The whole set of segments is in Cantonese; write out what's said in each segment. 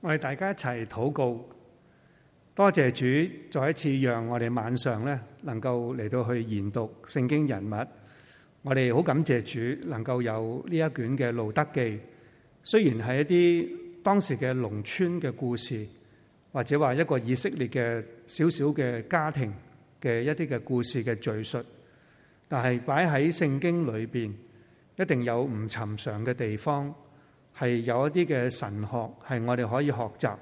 我哋大家一齊禱告，多謝主再一次讓我哋晚上咧能夠嚟到去研讀聖經人物。我哋好感謝主，能夠有呢一卷嘅路得記，雖然係一啲當時嘅農村嘅故事，或者話一個以色列嘅小小嘅家庭嘅一啲嘅故事嘅敘述，但係擺喺聖經裏邊，一定有唔尋常嘅地方。係有一啲嘅神學，係我哋可以學習，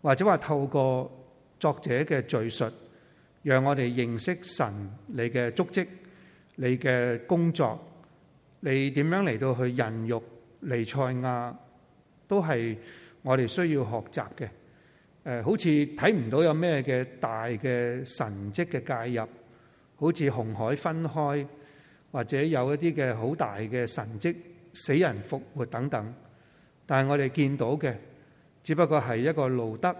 或者話透過作者嘅敘述，讓我哋認識神，你嘅足跡、你嘅工作、你點樣嚟到去孕育彌賽亞，都係我哋需要學習嘅。誒，好似睇唔到有咩嘅大嘅神蹟嘅介入，好似紅海分開，或者有一啲嘅好大嘅神蹟，死人復活等等。但係我哋見到嘅，只不過係一個路得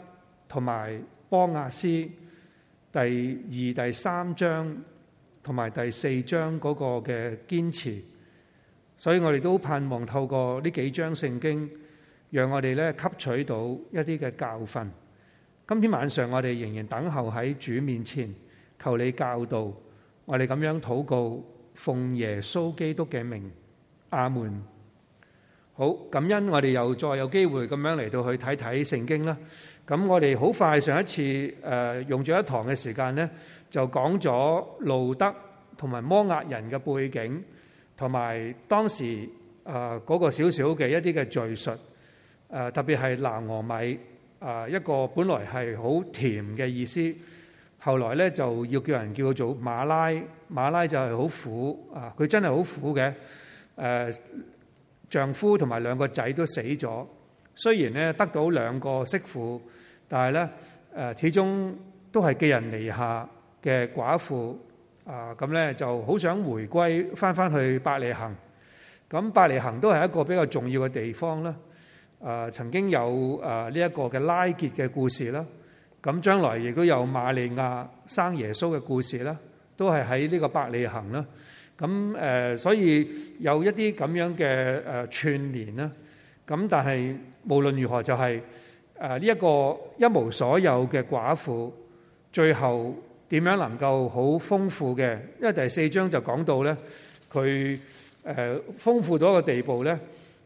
同埋波阿斯第二、第三章同埋第四章嗰個嘅堅持。所以我哋都盼望透過呢幾章聖經，讓我哋咧吸取到一啲嘅教訓。今天晚上我哋仍然等候喺主面前，求你教導我哋咁樣禱告，奉耶穌基督嘅名，阿門。好感恩，我哋又再有機會咁樣嚟到去睇睇聖經啦。咁我哋好快上一次、呃、用咗一堂嘅時間咧，就講咗路得同埋摩押人嘅背景，同埋當時誒嗰、呃那個少少嘅一啲嘅敘述，特別係南俄米、呃、一個本來係好甜嘅意思，後來咧就要叫人叫做馬拉，馬拉就係好苦啊！佢、呃、真係好苦嘅丈夫同埋兩個仔都死咗，雖然咧得到兩個媳婦，但係咧誒始終都係寄人籬下嘅寡婦啊！咁咧就好想回歸翻翻去伯利恆。咁伯利恆都係一個比較重要嘅地方啦。啊，曾經有啊呢一個嘅拉結嘅故事啦，咁將來亦都有瑪利亞生耶穌嘅故事啦，都係喺呢個伯利恆啦。咁誒，所以有一啲咁樣嘅誒串聯啦、啊。咁但係無論如何、就是，就係誒呢一個一無所有嘅寡婦，最後點樣能夠好豐富嘅？因為第四章就講到咧，佢誒、啊、豐富咗個個地步咧，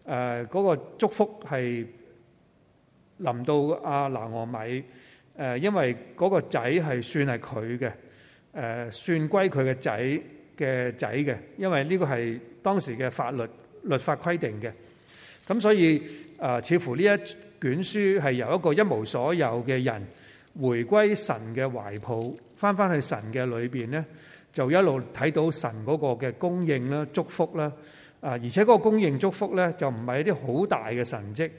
誒、啊、嗰、那個祝福係臨到阿拿俄米誒，因為嗰個仔係算係佢嘅，誒、啊、算歸佢嘅仔。嘅仔嘅，因為呢個係當時嘅法律律法規定嘅，咁所以、呃、似乎呢一卷書係由一個一無所有嘅人回，回歸神嘅懷抱，翻翻去神嘅裏邊咧，就一路睇到神嗰個嘅供應啦、祝福啦，啊、呃，而且嗰個供應祝福咧，就唔係一啲好大嘅神跡，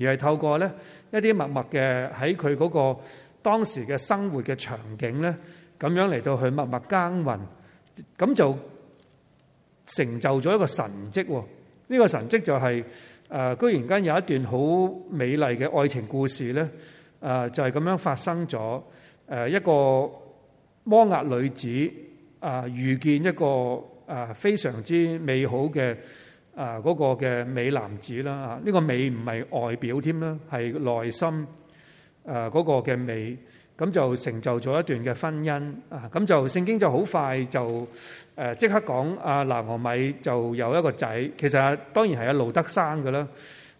而係透過咧一啲默默嘅喺佢嗰個當時嘅生活嘅場景咧，咁樣嚟到去默默耕耘。咁就成就咗一個神蹟喎！呢、這個神蹟就係、是、誒、呃，居然間有一段好美麗嘅愛情故事咧、呃。就係、是、咁樣發生咗、呃。一個摩押女子啊、呃，遇見一個、呃、非常之美好嘅誒嗰個嘅美男子啦。呢、呃這個美唔係外表添啦，係、呃、內心誒嗰、呃那個嘅美。咁就成就咗一段嘅婚姻啊！咁就聖經就好快就誒即刻講阿拿俄米就有一個仔，其實當然係阿路德生㗎啦。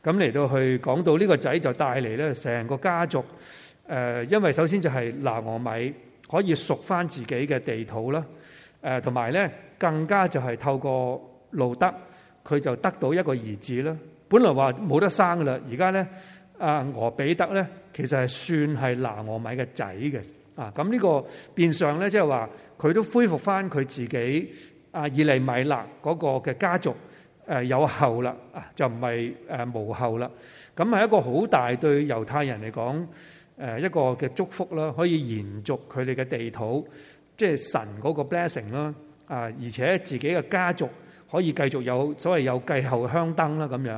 咁嚟到去講到呢個仔就帶嚟咧成個家族誒，因為首先就係拿俄米可以贖返自己嘅地土啦，誒同埋咧更加就係透過路德佢就得到一個兒子啦。本來話冇得生㗎啦，而家咧。阿、啊、俄比德咧，其實係算係拿俄米嘅仔嘅，啊咁呢、呢個變相咧，即係話佢都恢復翻佢自己啊，以利米勒嗰個嘅家族誒有後啦，啊、呃、啊就唔係誒無後啦，咁、啊、係、這個、一個好大對猶太人嚟講誒一個嘅祝福啦、啊，可以延續佢哋嘅地土，即係神嗰個 blessing 啦，啊而且自己嘅家族可以繼續有所謂有繼後香燈啦咁樣，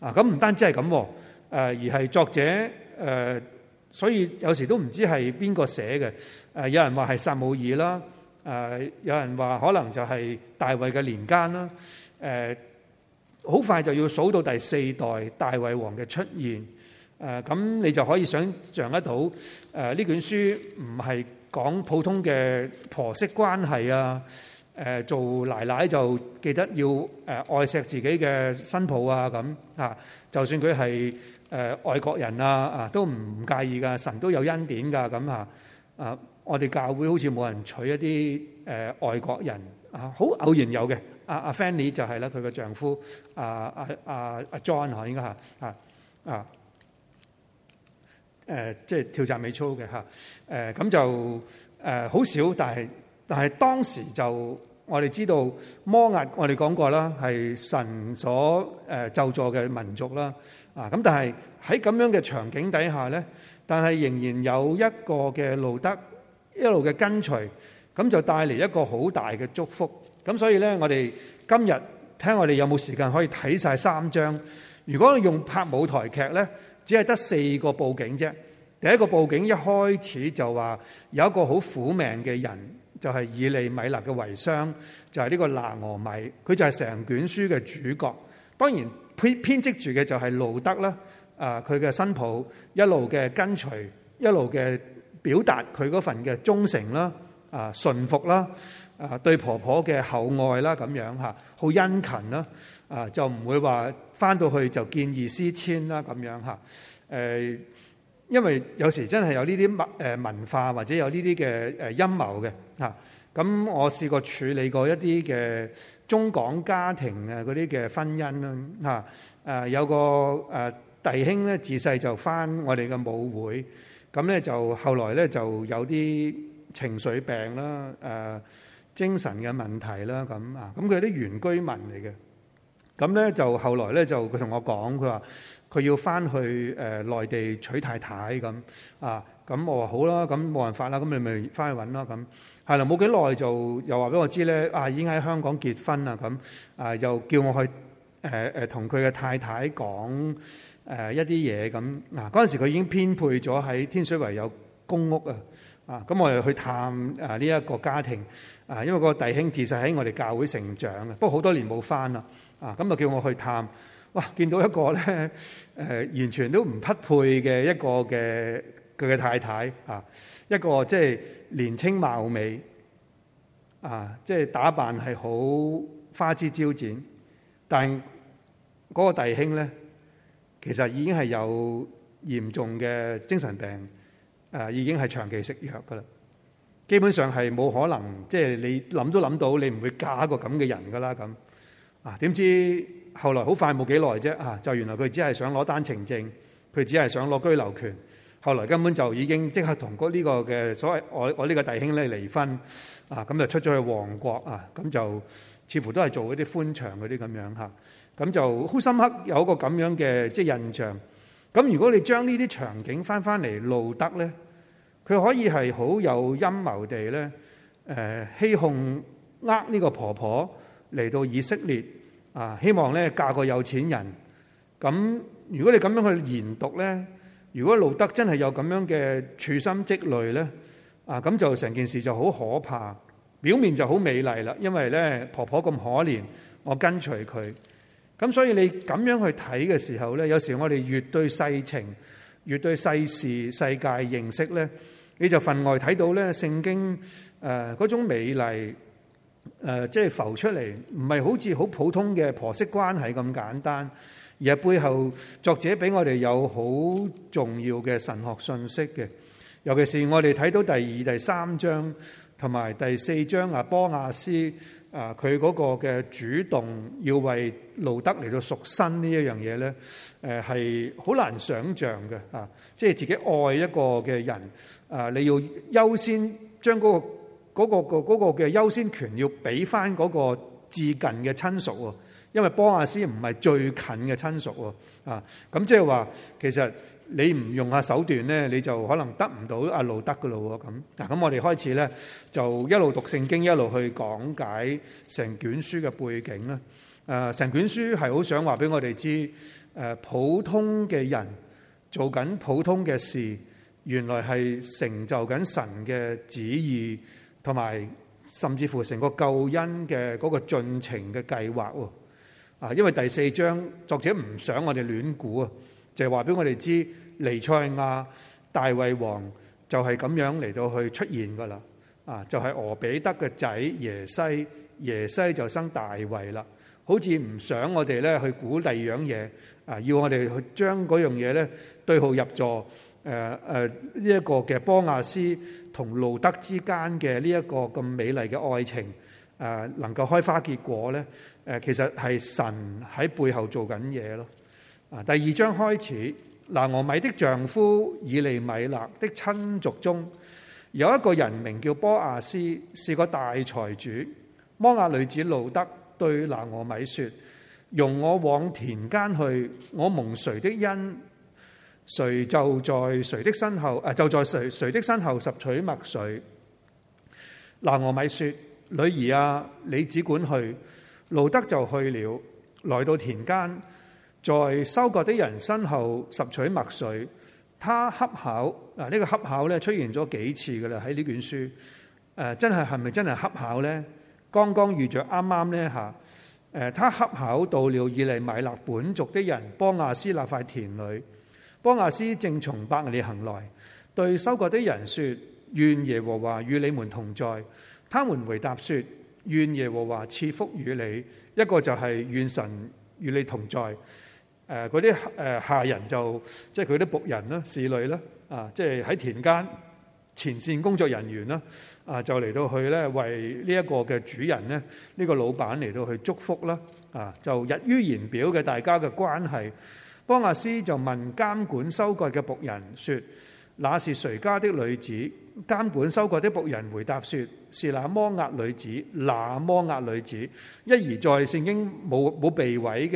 啊咁唔、啊啊啊啊、單止係咁、啊。誒而係作者誒，所以有時都唔知係邊個寫嘅。誒有人話係撒母耳啦，誒有人話可能就係大衛嘅年間啦。誒好快就要數到第四代大衛王嘅出現。誒咁你就可以想像得到，誒呢卷書唔係講普通嘅婆媳關係啊。誒做奶奶就記得要誒愛錫自己嘅新抱啊咁啊。就算佢係誒外國人啊，啊都唔介意噶，神都有恩典噶，咁、嗯、啊，啊、嗯、我哋教會好似冇人娶一啲誒外國人啊，好偶然有嘅，阿阿 Fanny 就係啦，佢個丈夫，啊啊啊啊 John 吓，應該吓，啊、嗯，即、就、係、是、跳讚美操嘅嚇，咁就誒、uh, 好少，但係但係當時就我哋知道摩押我哋講過啦，係神所誒救助嘅民族啦。啊！咁但係喺咁樣嘅場景底下呢，但係仍然有一個嘅路得一路嘅跟隨，咁就帶嚟一個好大嘅祝福。咁所以呢，我哋今日聽我哋有冇時間可以睇晒三章？如果用拍舞台劇呢，只係得四個布景啫。第一個布景一開始就話有一個好苦命嘅人，就係、是、以利米勒嘅遺孀，就係、是、呢個拿俄米，佢就係成卷書嘅主角。當然。編編織住嘅就係路得啦，啊佢嘅新抱一路嘅跟隨，一路嘅表達佢嗰份嘅忠誠啦，啊順服啦，啊對婆婆嘅厚愛啦咁樣嚇，好殷勤啦，啊就唔會話翻到去就見異思遷啦咁樣嚇，誒、啊，因為有時真係有呢啲文誒文化或者有呢啲嘅誒陰謀嘅嚇，咁、啊、我試過處理過一啲嘅。中港家庭啊，嗰啲嘅婚姻啦嚇，誒有個誒弟兄咧，自細就翻我哋嘅母會，咁咧就後來咧就有啲情緒病啦，誒精神嘅問題啦，咁啊，咁佢係啲原居民嚟嘅，咁咧就後來咧就佢同我講，佢話佢要翻去誒內地娶太太咁啊，咁我話好啦，咁冇辦法啦，咁你咪翻去揾啦咁。係啦，冇幾耐就又話俾我知咧，啊已經喺香港結婚啦，咁啊又叫我去誒同佢嘅太太講誒一啲嘢咁。啊嗰陣時佢已經編配咗喺天水圍有公屋啊，啊咁我又去探啊呢一個家庭啊，因為個弟兄自細喺我哋教會成長啊，不過好多年冇翻啦，啊咁就叫我去探。哇，見到一個咧誒完全都唔匹配嘅一個嘅佢嘅太太啊，一個即係。年青貌美，啊，即係打扮係好花枝招展，但嗰個弟兄咧，其實已經係有嚴重嘅精神病，誒、啊，已經係長期食藥噶啦，基本上係冇可能，即係你諗都諗到，你唔會嫁一個咁嘅人噶啦咁，啊，點知後來好快冇幾耐啫，啊，就原來佢只係想攞單程證，佢只係想攞居留權。後來根本就已經即刻同呢個嘅所謂我我呢個弟兄咧，離婚啊，咁就出咗去旺角，啊，咁就似乎都係做嗰啲寬場嗰啲咁樣嚇，咁就好深刻有一個咁樣嘅即係印象。咁如果你將呢啲場景翻翻嚟路得咧，佢可以係好有陰謀地咧誒欺哄呃呢個婆婆嚟到以色列啊，希望咧嫁個有錢人。咁如果你咁樣去研讀咧？如果路得真係有咁樣嘅處心積慮咧，啊，咁就成件事就好可怕，表面就好美麗啦。因為咧婆婆咁可憐，我跟隨佢，咁所以你咁樣去睇嘅時候咧，有時我哋越對世情、越對世事、世界認識咧，你就分外睇到咧聖經誒嗰種美麗誒，即係浮出嚟，唔係好似好普通嘅婆媳關係咁簡單。而喺背後，作者俾我哋有好重要嘅神學信息嘅，尤其是我哋睇到第二、第三章同埋第四章啊，波阿斯啊，佢嗰個嘅主動要為路得嚟到贖身呢一樣嘢咧，誒係好難想像嘅啊！即係自己愛一個嘅人啊，你要優先將嗰、嗰個嗰、嗰個嘅、嗰個、優先權要俾翻嗰個至近嘅親屬。因為波亞斯唔係最近嘅親屬喎，啊，咁即係話其實你唔用下手段咧，你就可能得唔到阿路德嗰路喎咁。啊，咁、啊啊、我哋開始咧就一路讀聖經，一路去講解成卷書嘅背景啦。誒、啊，成卷書係好想話俾我哋知，誒、啊，普通嘅人做緊普通嘅事，原來係成就緊神嘅旨意，同埋甚至乎成個救恩嘅嗰、嗰個進程嘅計劃喎。啊，因為第四章作者唔想我哋亂估啊，就係話俾我哋知，尼賽亞大衛王就係咁樣嚟到去出現噶啦。啊，就係、是、俄比德嘅仔耶西，耶西就生大衛啦。好似唔想我哋咧去估第二樣嘢啊，要我哋去將嗰樣嘢咧對號入座。誒呢一個嘅波亞斯同路得之間嘅呢一個咁美麗嘅愛情啊、呃，能夠開花結果咧。誒，其實係神喺背後做緊嘢咯。啊，第二章開始，拿俄米的丈夫以利米勒的親族中有一個人名叫波亞斯，是個大財主。摩亞女子路得對拿俄米說：容我往田間去，我蒙誰的恩，誰就在誰的身後，誒，就在誰誰的身後拾取麥穗。」拿俄米說：女兒啊，你只管去。路得就去了，來到田間，在收割的人身後拾取麥穗。他恰巧，嗱、這、呢個恰巧咧出現咗幾次噶啦喺呢卷書。誒，是不是真係係咪真係恰巧呢？剛剛遇着，啱啱呢。吓。誒，他恰巧到了以利米勒本族的人波亞斯那塊田裏，波亞斯正從伯利恒來，對收割的人說：願耶和華與你們同在。他們回答說。願耶和華賜福與你。一個就係願神與你同在。誒、呃，嗰啲誒下人就即係佢啲僕人啦、侍女啦，啊，即係喺田間前線工作人員啦，啊，就嚟到去咧為呢一個嘅主人呢，呢、呢個老闆嚟到去祝福啦，啊，就溢於言表嘅大家嘅關係。幫亞斯就問監管收割嘅僕人說：那是誰家的女子？監管收割的僕人回答說：是那摩押女子，那摩押女子。一而再，聖經冇冇被毀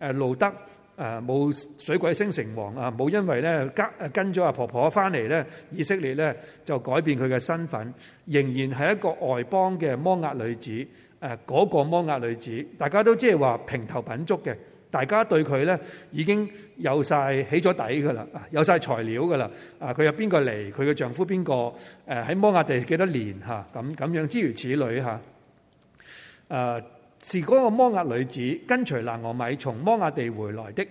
嘅路德冇水鬼星城王啊冇因為咧跟跟咗阿婆婆翻嚟咧以色列咧就改變佢嘅身份，仍然係一個外邦嘅摩押女子嗰、那個摩押女子，大家都即係話平頭品足嘅。大家對佢咧已經有晒起咗底㗎啦，有晒材料㗎啦。啊，佢有邊個嚟？佢嘅丈夫邊個？誒、呃、喺摩亞地幾多年嚇？咁咁樣諸如此類嚇。誒、呃，是嗰個摩亞女子跟隨拿俄米從摩亞地回來的。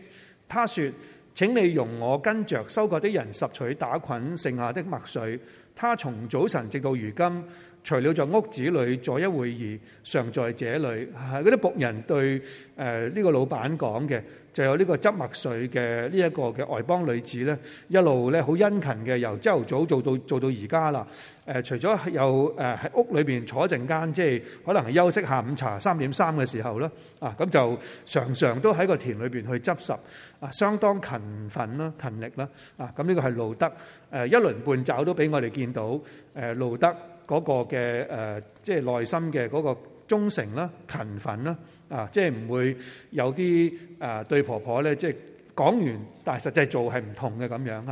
她說：請你容我跟着收割的人拾取打捆剩下的麥穗。」她從早晨直到如今。除了在屋子裏坐一會兒，常在這裏。嗰啲僕人對誒呢、呃這個老闆講嘅，就有呢個執麥穗嘅呢一個嘅外邦女子咧，一路咧好殷勤嘅，由朝頭早做到做到而家啦。誒、呃，除咗有誒喺、呃、屋裏邊坐一陣間，即係可能休息下午茶三點三嘅時候啦。啊，咁就常常都喺個田裏邊去執拾，啊，相當勤奮啦、啊、勤力啦。啊、咁、啊、呢個係路得誒、啊，一輪半爪都俾我哋見到誒路、啊、得。嗰、那個嘅、呃、即係內心嘅嗰個忠誠啦、勤奮啦，啊，即係唔會有啲誒、呃、對婆婆咧，即係講完，但係實際做係唔同嘅咁樣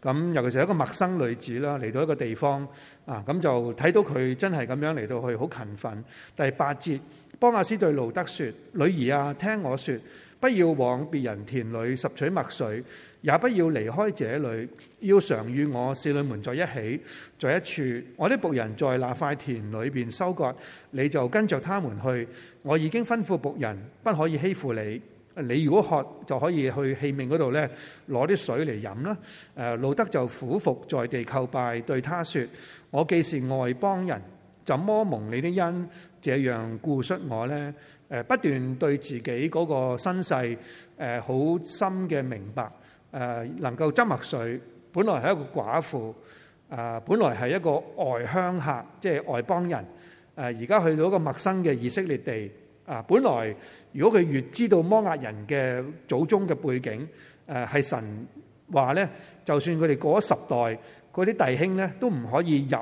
咁、啊、尤其是一個陌生女子啦，嚟到一個地方啊，咁、啊、就睇到佢真係咁樣嚟到去好勤奮。第八節，波亞斯對路得説：女兒啊，聽我說。」不要往別人田裏拾取麥穗，也不要離開這裏，要常與我侍女們在一起，在一處。我的僕人在那塊田裏面收割，你就跟着他們去。我已經吩咐僕人不可以欺負你。你如果渴，就可以去器皿嗰度咧攞啲水嚟飲啦。誒，路德就俯伏在地叩拜，對他說，我既是外邦人，怎麼蒙你的恩，這樣顧恤我呢？」不斷對自己嗰個身世誒，好深嘅明白，誒能夠執墨水，本來係一個寡婦啊，本來係一個外鄉客，即係外邦人誒，而家去到一個陌生嘅以色列地啊，本來如果佢越知道摩亞人嘅祖宗嘅背景誒，係神話咧，就算佢哋過咗十代，嗰啲弟兄咧都唔可以入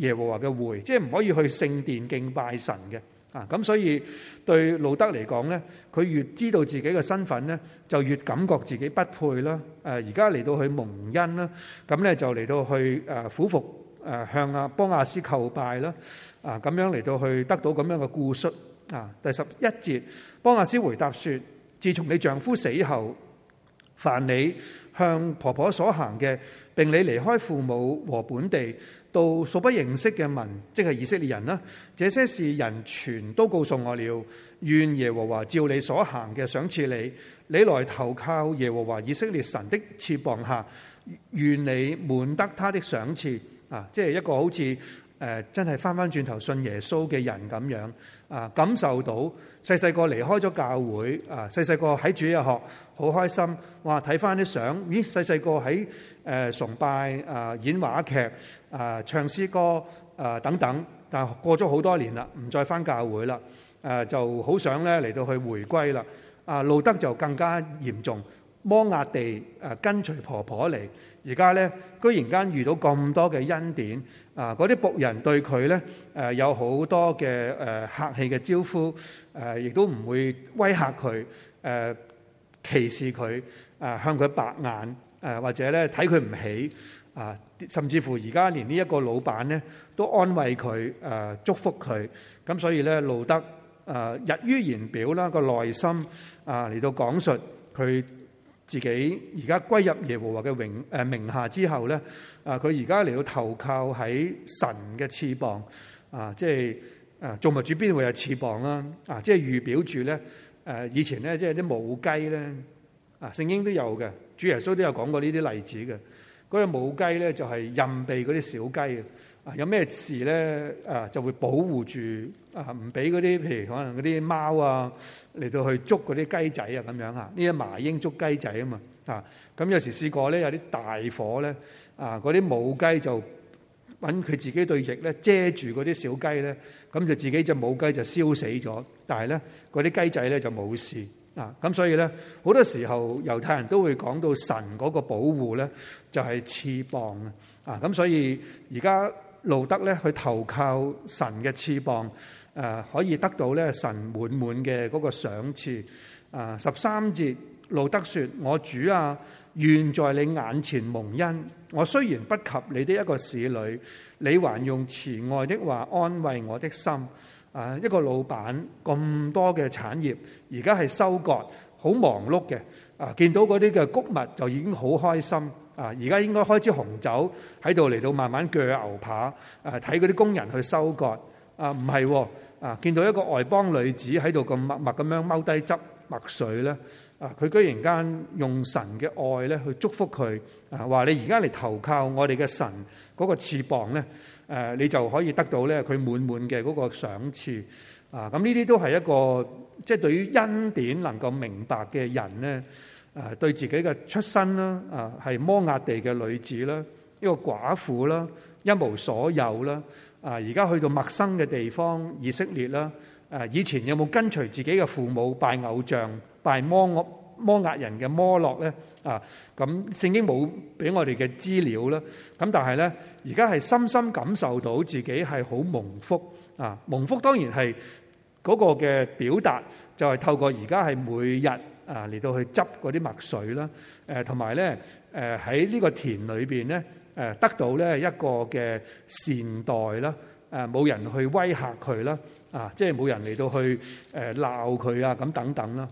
耶和華嘅會，即係唔可以去聖殿敬拜神嘅。啊！咁所以對路得嚟講咧，佢越知道自己嘅身份咧，就越感覺自己不配啦。誒，而家嚟到去蒙恩啦，咁咧就嚟到去誒俯伏誒向阿波阿斯叩拜啦。啊，咁樣嚟到去得到咁樣嘅顧恤。啊，第十一節，波阿斯回答說：自從你丈夫死後，凡你向婆婆所行嘅，並你離開父母和本地。到素不認識嘅民，即係以色列人啦。這些事人全都告訴我了。願耶和華照你所行嘅賞賜你，你來投靠耶和華以色列神的翅膀下，願你滿得他的賞賜。啊，即係一個好似誒、呃、真係翻翻轉頭信耶穌嘅人咁樣啊，感受到。細細個離開咗教會啊！細細個喺主日學好開心，哇！睇翻啲相，咦？細細個喺誒崇拜、誒、呃、演話劇、誒、呃、唱詩歌、誒、呃、等等，但係過咗好多年啦，唔再翻教會啦，誒、呃、就好想咧嚟到去回歸啦，啊、呃，路得就更加嚴重。摩押地跟隨婆婆嚟，而家咧居然間遇到咁多嘅恩典啊！嗰啲僕人對佢咧有好多嘅客氣嘅招呼，亦都唔會威嚇佢，歧視佢，向佢白眼，或者咧睇佢唔起啊，甚至乎而家連呢一個老闆咧都安慰佢、祝福佢。咁所以咧，路德溢於言表啦，個內心啊嚟到講述佢。自己而家歸入耶和華嘅榮誒名下之後咧，啊佢而家嚟到投靠喺神嘅翅膀，啊即係啊造物主邊會有翅膀啦？啊啊即係預表住咧誒以前咧即係啲母雞咧，啊聖經都有嘅，主耶穌都有講過呢啲例子嘅。嗰隻母雞咧就係蔭庇嗰啲小雞嘅，啊有咩事咧啊，啊就會保護住啊唔俾嗰啲譬如可能嗰啲貓啊～嚟到去捉嗰啲雞仔啊，咁樣啊，呢一麻鷹捉雞仔啊嘛，啊咁有時試過咧，有啲大火咧，啊嗰啲母雞就揾佢自己對翼咧遮住嗰啲小雞咧，咁、啊、就自己隻母雞就燒死咗，但係咧嗰啲雞仔咧就冇事啊，咁所以咧好多時候猶太人都會講到神嗰個保護咧就係翅膀啊，咁所以而家路德咧去投靠神嘅翅膀。誒、啊、可以得到咧神滿滿嘅嗰個賞賜。啊、十三節路得說我主啊，願在你眼前蒙恩。我雖然不及你的一個使女，你還用慈愛的話安慰我的心。誒、啊、一個老闆咁多嘅產業，而家係收割，好忙碌嘅。啊，見到嗰啲嘅穀物就已經好開心。啊，而家應該開支紅酒喺度嚟到慢慢鋸牛扒，睇嗰啲工人去收割。啊，唔係、啊。啊！見到一個外邦女子喺度咁默默咁樣踎低執墨水咧，啊！佢居然間用神嘅愛咧去祝福佢，啊！話你而家嚟投靠我哋嘅神嗰個翅膀咧，誒，你就可以得到咧佢滿滿嘅嗰個賞賜。啊！咁呢啲都係一個即係、就是、對於恩典能夠明白嘅人咧，誒，對自己嘅出身啦，啊，係摩押地嘅女子啦，一個寡婦啦，一無所有啦。啊！而家去到陌生嘅地方，以色列啦，誒以前有冇跟隨自己嘅父母拜偶像、拜摩押摩押人嘅摩洛咧？啊！咁聖經冇俾我哋嘅資料啦。咁但係咧，而家係深深感受到自己係好蒙福啊！蒙福當然係嗰個嘅表達，就係透過而家係每日啊嚟到去執嗰啲麥穗啦。誒同埋咧，誒喺呢個田裏邊咧。誒得到咧一個嘅善待啦，誒冇人去威嚇佢啦，啊，即係冇人嚟到去誒鬧佢啊，咁等等啦，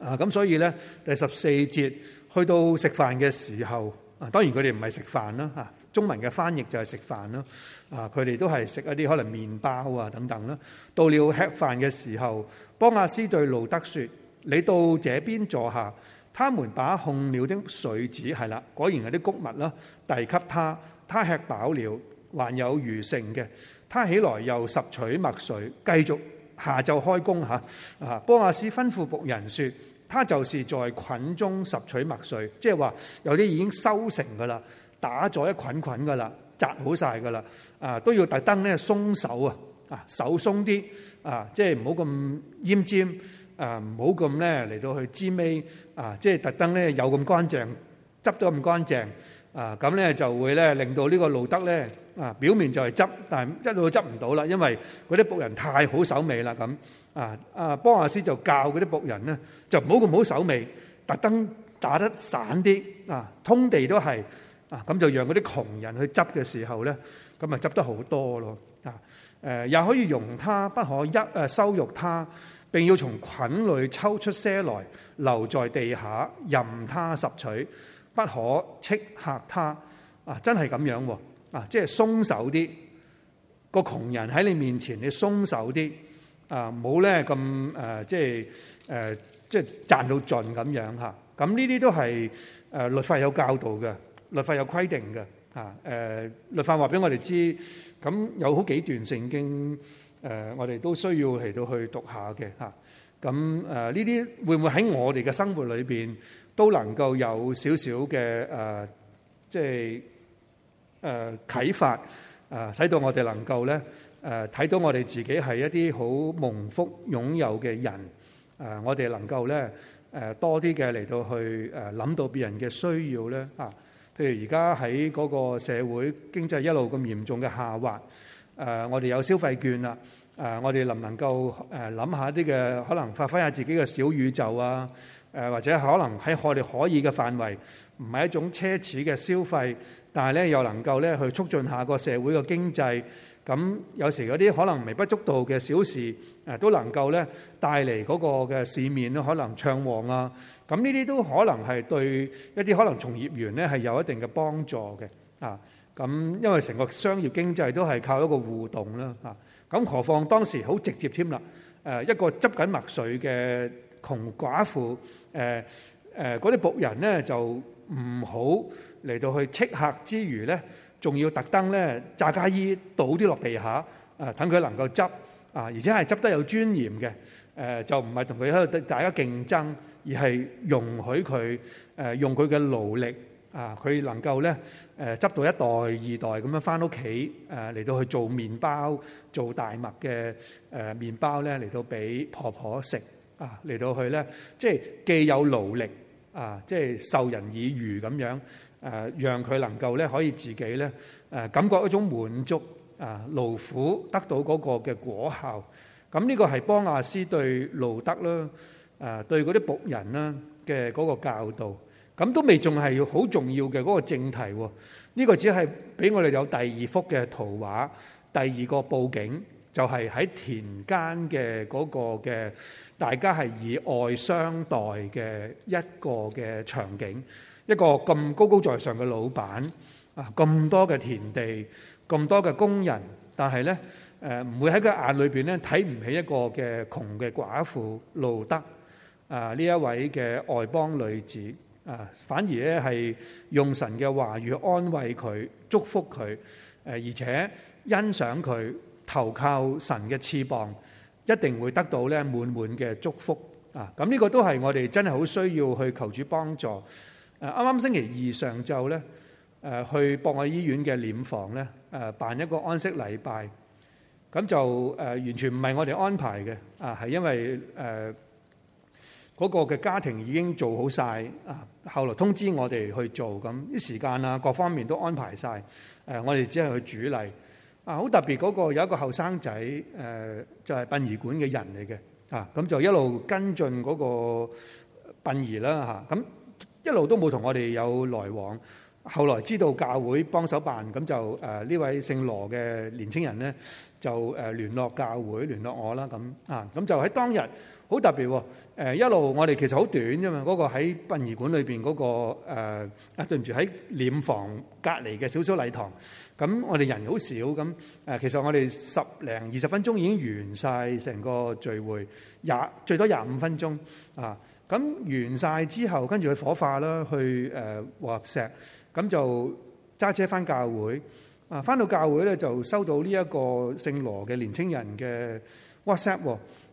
啊，咁所以咧第十四節去到食飯嘅時候，啊，當然佢哋唔係食飯啦，嚇，中文嘅翻譯就係食飯啦，啊，佢哋都係食一啲可能麵包啊等等啦。到了吃飯嘅時候，波阿斯對路得説：你到這邊坐下。他們把控了的穗子係啦，果然係啲穀物啦，遞給他，他吃飽了，還有餘剩嘅，他起來又拾取麥穗，繼續下晝開工嚇。啊，波亞斯吩咐僕人說：他就是在捆中拾取麥穗，即係話有啲已經收成㗎啦，打咗一捆捆㗎啦，紮好晒㗎啦，啊都要特登咧鬆手啊，啊手鬆啲，啊即係唔好咁奄尖。啊，唔好咁咧嚟到去之尾，啊，即係特登咧有咁乾淨，執到咁乾淨，啊，咁咧就會咧令到呢個路得咧，啊，表面就係執，但係一路執唔到啦，因為嗰啲僕人太好手尾啦咁，啊，啊，波亞斯就教嗰啲僕人咧，就唔好咁好手尾，特登打得散啲，啊，通地都係，啊，咁就讓嗰啲窮人去執嘅時候咧，咁啊執得好多咯，啊，誒，又可以容他，不可一誒羞辱他。並要從捆裏抽出些來，留在地下，任他拾取，不可斥嚇他。啊，真係咁樣喎，啊！啊，即係鬆手啲。個窮人喺你面前，你鬆手啲啊，唔好咧咁誒，即係誒、呃，即係賺到盡咁樣嚇。咁呢啲都係誒、呃、律法有教導嘅，律法有規定嘅。啊，誒、呃、律法話俾我哋知，咁有好幾段聖經。誒，我哋都需要嚟到去讀下嘅嚇。咁誒，呢、呃、啲會唔會喺我哋嘅生活裏邊都能夠有少少嘅誒、呃，即係誒、呃、啟發誒、呃，使到我哋能夠、呃、睇到我哋能夠咧誒，睇到我哋自己係一啲好蒙福擁有嘅人誒、呃，我哋能夠咧誒多啲嘅嚟到去誒諗、呃、到別人嘅需要咧嚇。譬、呃、如而家喺嗰個社會經濟一路咁嚴重嘅下滑。誒、啊，我哋有消費券啦。誒、啊，我哋能唔能夠誒諗、啊、下啲嘅，可能發揮下自己嘅小宇宙啊。誒、啊，或者可能喺我哋可以嘅範圍，唔係一種奢侈嘅消費，但係咧又能夠咧去促進下個社會嘅經濟。咁有時候有啲可能微不足道嘅小事，誒、啊、都能夠咧帶嚟嗰個嘅市面咧可能暢旺啊。咁呢啲都可能係對一啲可能從業員咧係有一定嘅幫助嘅啊。咁因為成個商業經濟都係靠一個互動啦，嚇咁何況當時好直接添啦。誒一個執緊麥穗嘅窮寡婦，誒誒嗰啲僕人咧就唔好嚟到去斥客之餘咧，仲要特登咧揸家衣倒啲落地下，誒等佢能夠執啊，而且係執得有尊嚴嘅。誒就唔係同佢喺度大家競爭，而係容許佢誒用佢嘅勞力啊，佢能夠咧。誒執到一袋、二袋咁樣翻屋企，誒嚟到去做麵包，做大麥嘅誒麵包咧，嚟到俾婆婆食啊，嚟到去咧，即係既有勞力啊，即係授人以漁咁樣誒，讓佢能夠咧可以自己咧誒，感覺一種滿足啊，勞苦得到嗰個嘅果效，咁呢個係波阿斯對路得啦，誒對嗰啲僕人啦嘅嗰個教導。咁都未仲係好重要嘅嗰個正題喎，呢個只係俾我哋有第二幅嘅圖畫，第二個佈景就係喺田間嘅嗰個嘅，大家係以愛相待嘅一個嘅場景，一個咁高高在上嘅老闆啊，咁多嘅田地，咁多嘅工人，但係咧誒唔會喺佢眼裏邊咧睇唔起一個嘅窮嘅寡婦路德啊呢一位嘅外邦女子。啊，反而咧係用神嘅話語安慰佢、祝福佢，誒而且欣賞佢投靠神嘅翅膀，一定會得到咧滿滿嘅祝福啊！咁、這、呢個都係我哋真係好需要去求主幫助。誒、啊，啱啱星期二上晝咧，誒、啊、去博愛醫院嘅殮房咧，誒、啊、辦一個安息禮拜，咁就誒完全唔係我哋安排嘅，啊係因為誒。嗰個嘅家庭已經做好晒，啊，後來通知我哋去做，咁啲時間啊，各方面都安排晒。誒，我哋只係去主禮。啊，好特別嗰個有一個後生仔，誒，就係殯儀館嘅人嚟嘅，啊，咁就一路跟進嗰個殯儀啦，嚇，咁一路都冇同我哋有來往。後來知道教會幫手辦，咁就誒呢位姓羅嘅年青人咧，就誒聯絡教會聯絡我啦，咁啊，咁就喺當日。好特別喎，誒一路我哋其實好短啫嘛，嗰個喺殯儀館裏邊嗰個誒，啊對唔住，喺殮房隔離嘅小小禮堂，咁我哋人好少，咁誒其實我哋十零二十分鐘已經完曬成個聚會，廿最多廿五分鐘啊，咁完曬之後跟住去火化啦，去誒和合石，咁就揸車返教會，啊返到教會咧就收到呢一個姓羅嘅年輕人嘅 WhatsApp 喎。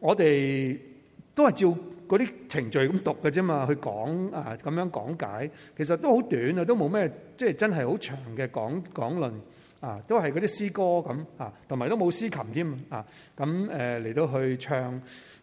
我哋都係照嗰啲程序咁讀嘅啫嘛，去講啊咁樣講解，其實都好短，都沒什麼是是很啊，都冇咩即係真係好長嘅講講論啊，都係嗰啲詩歌咁啊，同埋都冇詩琴添啊，咁誒嚟到去唱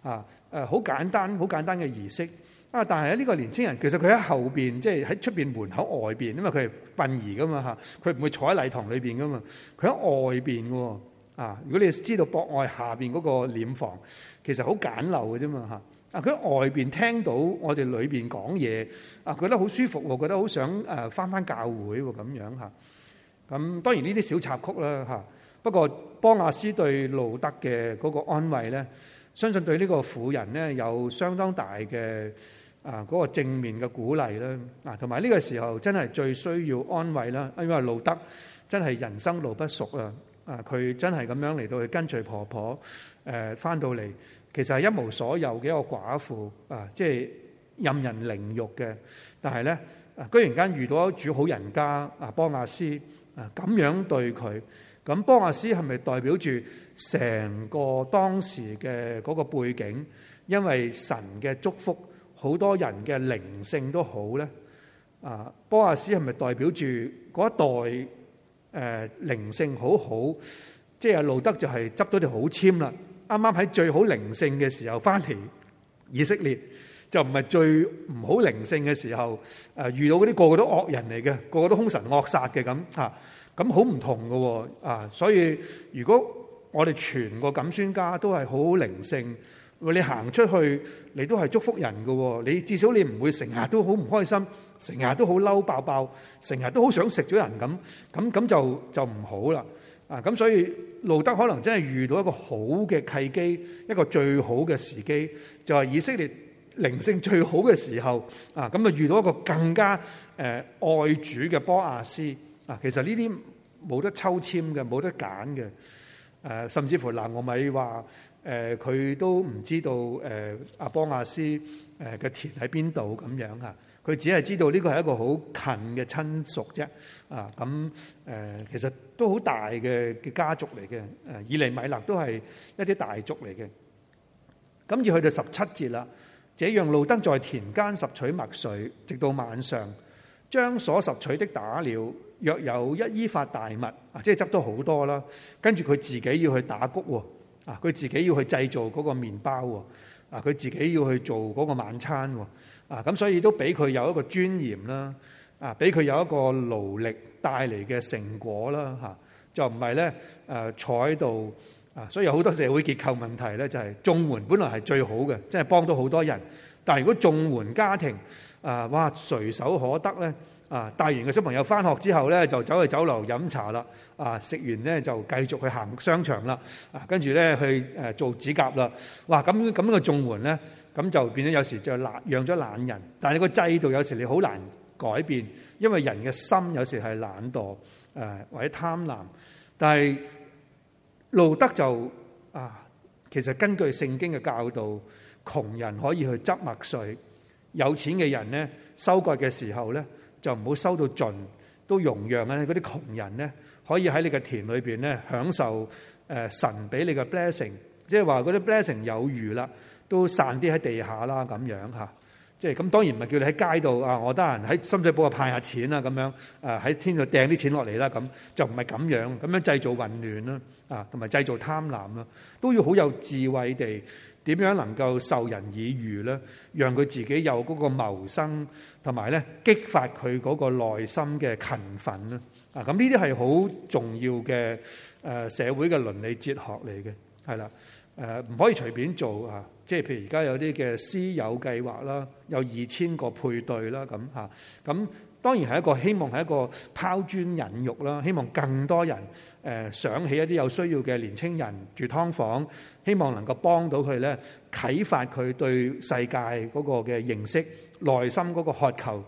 啊誒，好、啊啊、簡單好簡單嘅儀式啊，但係呢個年青人，其實佢喺後邊、就是，即係喺出邊門口外邊，因為佢係殯儀㗎嘛嚇，佢唔會坐喺禮堂裏邊㗎嘛，佢喺外邊㗎喎。啊！如果你知道博外下邊嗰個殮房，其實好簡陋嘅啫嘛嚇。啊，佢喺外邊聽到我哋裏邊講嘢，啊，覺得好舒服喎，覺得好想誒返返教會喎咁樣嚇。咁當然呢啲小插曲啦嚇。不過波亞斯對路德嘅嗰個安慰咧，相信對呢個婦人咧有相當大嘅啊嗰個正面嘅鼓勵啦。啊，同埋呢個時候真係最需要安慰啦，因為路德真係人生路不熟啊。啊！佢真係咁樣嚟到去跟隨婆婆誒翻、呃、到嚟，其實係一無所有嘅一個寡婦啊，即係任人凌辱嘅。但係咧，啊，居然間遇到一主好人家啊，波亞斯啊，咁樣對佢。咁、啊、波亞斯係咪代表住成個當時嘅嗰個背景？因為神嘅祝福，好多人嘅靈性都好咧。啊，波亞斯係咪代表住嗰一代？誒、呃、靈性好好，即係路德就係執到條好簽啦。啱啱喺最好靈性嘅時候翻嚟以色列，就唔係最唔好靈性嘅時候。呃、遇到嗰啲個個都惡人嚟嘅，個個都凶神惡煞嘅，咁咁好唔同㗎喎啊！所以如果我哋全個錦孫家都係好靈性，你行出去你都係祝福人㗎喎、啊。你至少你唔會成日都好唔開心。成日都，都好嬲爆爆，成日都好想食咗人咁，咁咁就就唔好啦。啊，咁所以路得可能真係遇到一個好嘅契機，一個最好嘅時機，就係、是、以色列靈性最好嘅時候。啊，咁就遇到一個更加誒、呃、愛主嘅波亞斯。啊，其實呢啲冇得抽籤嘅，冇得揀嘅、啊。甚至乎拿、呃、俄米話佢都唔知道阿、呃、波亞斯嘅田喺邊度咁樣啊。佢只係知道呢個係一個好近嘅親屬啫，啊咁誒、呃，其實都好大嘅嘅家族嚟嘅，誒、啊、以利米勒都係一啲大族嚟嘅。咁而去到十七節啦，這樣路得在田間拾取麥穗，直到晚上，將所拾取的打了，約有一依法大麥，啊，即係執到好多啦。跟住佢自己要去打谷喎，啊，佢自己要去製造嗰個麵包喎，啊，佢自己要去做嗰個晚餐喎。啊啊，咁所以都俾佢有一個尊嚴啦，啊，俾佢有一個勞力帶嚟嘅成果啦，嚇，就唔係咧，誒，坐喺度啊，所以有好多社會結構問題咧，就係綜援本來係最好嘅，即係幫到好多人，但如果綜援家庭啊，哇，隨手可得咧，啊，帶完個小朋友返學之後咧，就走去酒樓飲茶啦，啊，食完咧就繼續去行商場啦，啊，跟住咧去誒做指甲啦，哇，咁咁樣嘅綜援咧～咁就變咗有時就冷養咗懶人，但你個制度有時你好難改變，因為人嘅心有時係懶惰、呃，或者貪婪。但係路得就啊，其實根據聖經嘅教導，窮人可以去執麥穗，有錢嘅人咧，收割嘅時候咧就唔好收到盡，都容讓咧嗰啲窮人咧可以喺你嘅田裏面咧享受、呃、神俾你嘅 blessing，即係話嗰啲 blessing 有餘啦。都散啲喺地下啦，咁樣即係咁當然唔係叫你喺街度、呃、啊！我得閒喺深水埗啊派下錢啊。咁樣喺天度掟啲錢落嚟啦，咁就唔係咁樣咁樣製造混亂啦，啊同埋製造貪婪啦，都要好有智慧地點樣能夠授人以漁咧，讓佢自己有嗰個謀生同埋咧激發佢嗰個內心嘅勤奮啊，咁呢啲係好重要嘅、呃、社會嘅倫理哲學嚟嘅，係啦，呃、唔可以隨便做啊！即係譬如而家有啲嘅私有計劃啦，有二千個配對啦，咁吓，咁當然係一個希望係一個拋磚引玉啦，希望更多人誒、呃、想起一啲有需要嘅年青人住劏房，希望能夠幫到佢咧，啟發佢對世界嗰個嘅認識。內心嗰個渴求，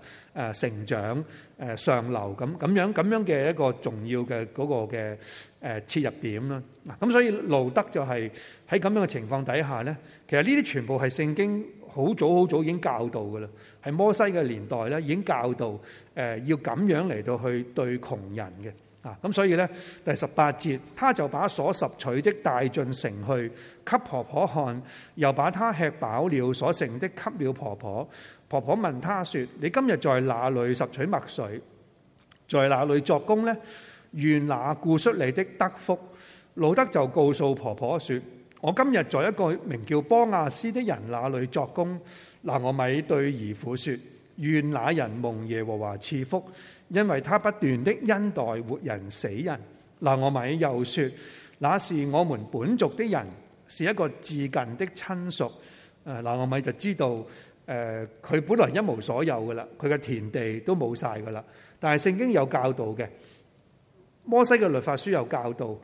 成長，呃、上流咁咁樣咁樣嘅一個重要嘅嗰個嘅、呃、切入點啦。嗱，咁所以路德就係喺咁樣嘅情況底下咧，其實呢啲全部係聖經好早好早已經教導㗎啦，係摩西嘅年代咧已經教導、呃、要咁樣嚟到去對窮人嘅啊。咁所以咧第十八節，他就把所拾取的帶進城去，給婆婆看，又把她吃飽了所剩的給了婆婆。婆婆問他說：，說你今日在哪裏拾取墨水，在哪裏作工呢？願那顧恤你的得福。路得就告訴婆婆說：，說我今日在一個名叫波亞斯的人那裏作工。嗱，我咪對兒婦說，願那人蒙耶和華賜福，因為他不斷的恩待活人死人。嗱，我咪又說，那是我們本族的人，是一個至近的親屬。誒，嗱，我咪就知道。誒、呃，佢本來一無所有嘅啦，佢嘅田地都冇晒嘅啦。但係聖經有教導嘅，摩西嘅律法書有教導。誒、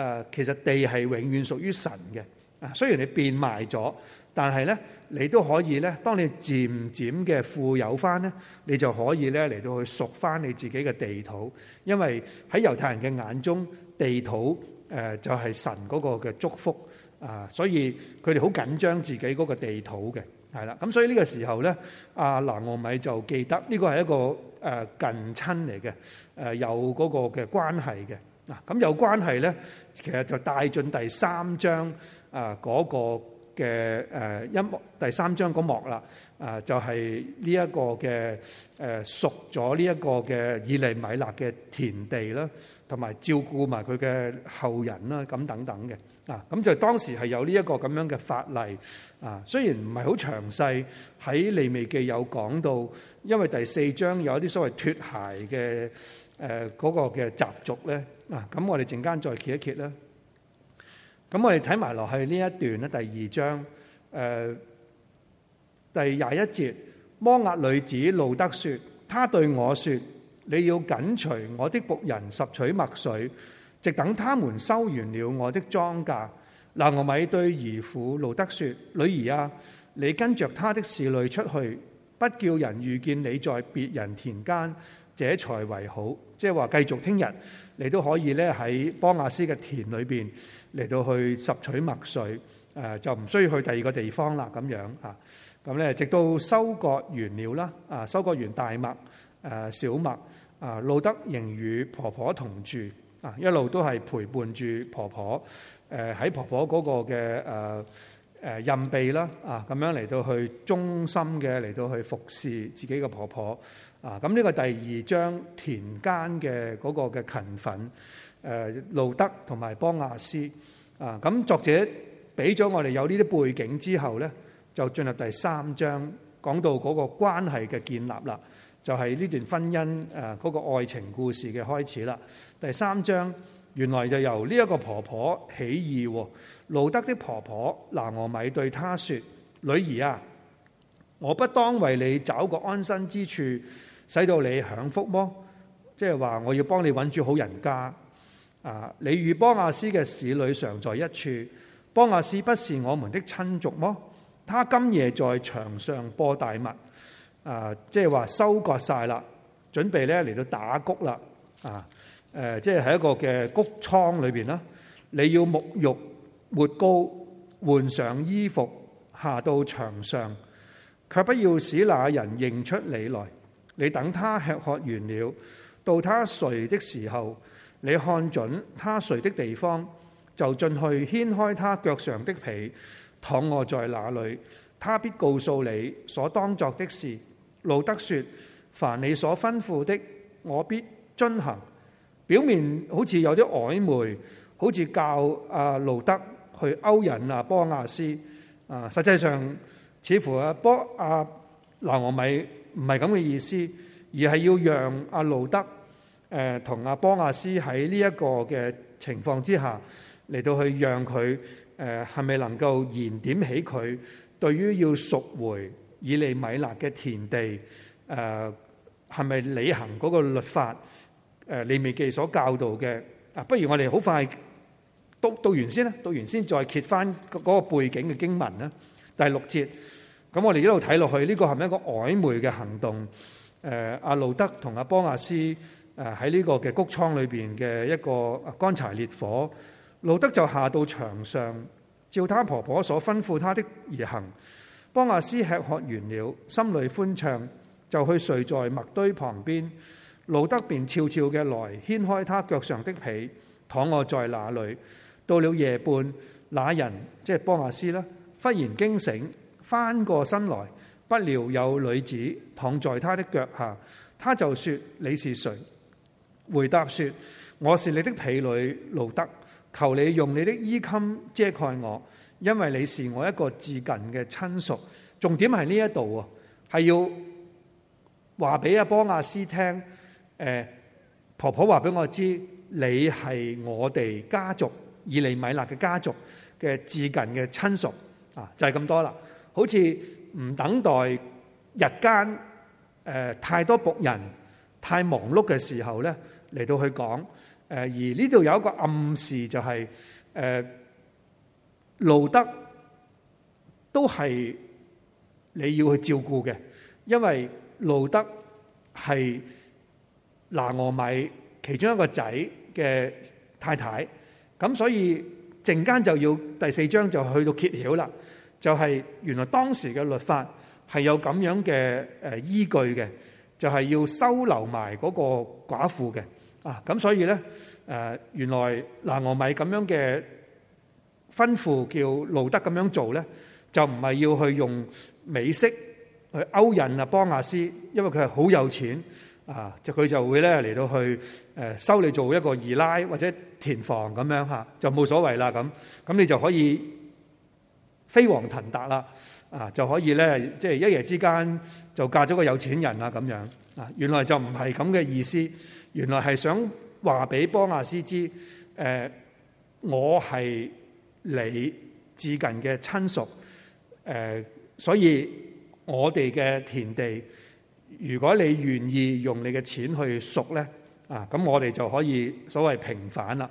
呃，其實地係永遠屬於神嘅。啊，雖然你變賣咗，但係咧，你都可以咧，當你漸漸嘅富有翻咧，你就可以咧嚟到去贖翻你自己嘅地土。因為喺猶太人嘅眼中，地土誒、呃、就係、是、神嗰個嘅祝福啊，所以佢哋好緊張自己嗰個地土嘅。係啦，咁所以呢個時候咧，阿拿俄米就記得呢、這個係一個誒、呃、近親嚟嘅，誒、呃、有嗰個嘅關係嘅。嗱，咁有關係咧，其實就帶進第三章啊嗰、呃那個嘅誒音樂第三章嗰幕啦，啊、呃、就係呢一個嘅誒、呃、熟咗呢一個嘅以利米勒嘅田地啦。同埋照顧埋佢嘅後人啦，咁等等嘅啊，咁就當時係有呢一個咁樣嘅法例啊，雖然唔係好詳細，喺《利未記》有講到，因為第四章有一啲所謂脫鞋嘅嗰、呃嗰個嘅習俗咧啊，咁我哋陣間再揭一揭啦。咁我哋睇埋落去呢一段咧，第二章誒、呃、第廿一節，摩押女子路得說，她對我說。你要緊隨我的僕人拾取麥穗，直等他們收完了我的莊稼。嗱，我咪對兒婦路得説：女兒啊，你跟着他的侍女出去，不叫人遇見你在別人田間，這才為好。即係話繼續聽日，你都可以咧喺波阿斯嘅田裏邊嚟到去拾取麥穗，誒就唔需要去第二個地方啦。咁樣啊，咁咧直到收割完了啦，啊收割完大麥、誒小麥。啊，路得仍與婆婆同住啊，一路都係陪伴住婆婆，誒喺婆婆嗰個嘅誒誒任婢啦啊，咁樣嚟到去忠心嘅嚟到去服侍自己嘅婆婆啊，咁、這、呢個第二章田間嘅嗰個嘅勤奮，誒、啊、路得同埋波阿斯啊，咁作者俾咗我哋有呢啲背景之後咧，就進入第三章講到嗰個關係嘅建立啦。就係、是、呢段婚姻誒嗰、那個愛情故事嘅開始啦。第三章原來就由呢一個婆婆起義。路得的婆婆拿俄米對她說，女兒啊，我不當為你找個安身之處，使到你享福麼？即係話我要幫你揾住好人家啊！你與波亞斯嘅使女常在一處。波亞斯不是我們的親族麼？他今夜在牆上播大麥。啊，即係話收割晒啦，準備咧嚟到打穀啦。啊，誒，即係喺一個嘅穀倉裏邊啦。你要沐浴抹高、抹膏、換上衣服，下到場上，卻不要使那人認出你來。你等他吃喝完了，到他睡的時候，你看準他睡的地方，就進去掀開他腳上的被，躺臥在那裏。他必告訴你所當作的事。路得說：凡你所吩咐的，我必遵行。表面好似有啲曖昧，好似教阿、啊、路得去勾引阿、啊、波亞斯。啊，實際上似乎阿、啊、波阿拿俄米唔係咁嘅意思，而係要讓阿、啊、路得誒同阿波亞斯喺呢一個嘅情況之下嚟到去讓佢誒係咪能夠燃點起佢對於要贖回。以利米勒嘅田地，誒係咪履行嗰個律法？誒、呃、利未記所教導嘅，啊，不如我哋好快讀讀完先啦，讀完先再揭翻嗰個背景嘅經文啦。第六節，咁我哋一路睇落去，呢、這個係咪一個曖昧嘅行動？誒、呃，阿路得同阿波亞斯誒喺呢個嘅谷倉裏邊嘅一個乾柴烈火，路得就下到場上，照他婆婆所吩咐他的而行。波亞斯吃喝完了，心裏歡暢，就去睡在麥堆旁邊。路德便悄悄嘅來，掀開他腳上的被，躺我在那裏。到了夜半，那人即係、就是、波亞斯啦，忽然驚醒，翻過身來，不料有女子躺在他的腳下，他就說：你是誰？回答說：我是你的婢女路德，求你用你的衣襟遮蓋我。因為你是我一個至近嘅親屬，重點係呢一度啊，係要話俾阿波亞斯聽。誒、呃，婆婆話俾我知，你係我哋家族以利米勒嘅家族嘅至近嘅親屬啊，就係、是、咁多啦。好似唔等待日間誒、呃、太多僕人太忙碌嘅時候咧，嚟到去講誒。而呢度有一個暗示就係、是、誒。呃路得都係你要去照顧嘅，因為路得係拿俄米其中一個仔嘅太太，咁所以陣間就要第四章就去到揭曉啦，就係、是、原來當時嘅律法係有咁樣嘅誒依據嘅，就係、是、要收留埋嗰個寡婦嘅，啊咁所以咧誒、呃、原來拿俄米咁樣嘅。吩咐叫路得咁樣做咧，就唔係要去用美色去勾引啊，波亞斯，因為佢係好有錢啊，就佢就會咧嚟到去、呃、收你做一個二奶或者填房咁樣嚇、啊，就冇所謂啦咁，咁你就可以飛黃騰達啦啊，就可以咧即係一夜之間就嫁咗個有錢人啦咁樣啊，原來就唔係咁嘅意思，原來係想話俾波亞斯知、呃、我係。你至近嘅親屬，誒、呃，所以我哋嘅田地，如果你願意用你嘅錢去贖咧，啊，咁我哋就可以所謂平反啦，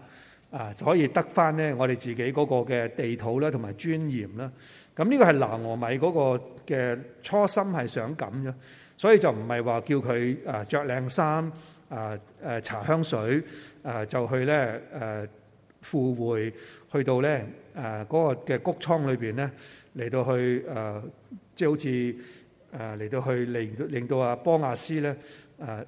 啊，就可以得翻咧我哋自己嗰個嘅地土咧同埋尊嚴啦。咁、啊、呢個係拿俄米嗰個嘅初心係想咁樣，所以就唔係話叫佢誒著靚衫，誒誒搽香水，誒、呃、就去咧誒。呃附會去到咧誒嗰個嘅谷倉裏邊咧，嚟到去誒即係好似誒嚟到去令到令到阿波亞斯咧誒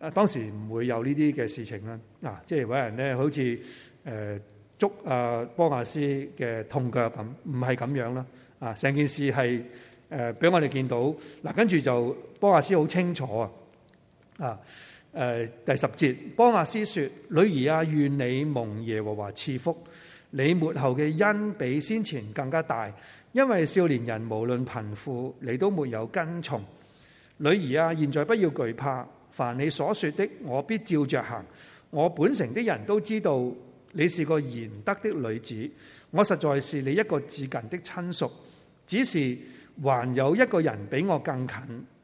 誒當時唔會有呢啲嘅事情啦，嗱即係有人咧好似誒捉阿波亞斯嘅痛腳咁，唔係咁樣啦，啊成件事係誒俾我哋見到嗱，跟住就波亞斯好清楚啊啊！誒、呃、第十節，波阿斯說：女兒啊，願你蒙耶和華賜福，你末後嘅恩比先前更加大，因為少年人無論貧富，你都沒有跟從。女兒啊，現在不要懼怕，凡你所說的，我必照着行。我本城的人都知道你係個賢德的女子，我實在是你一個至近的親屬，只是還有一個人比我更近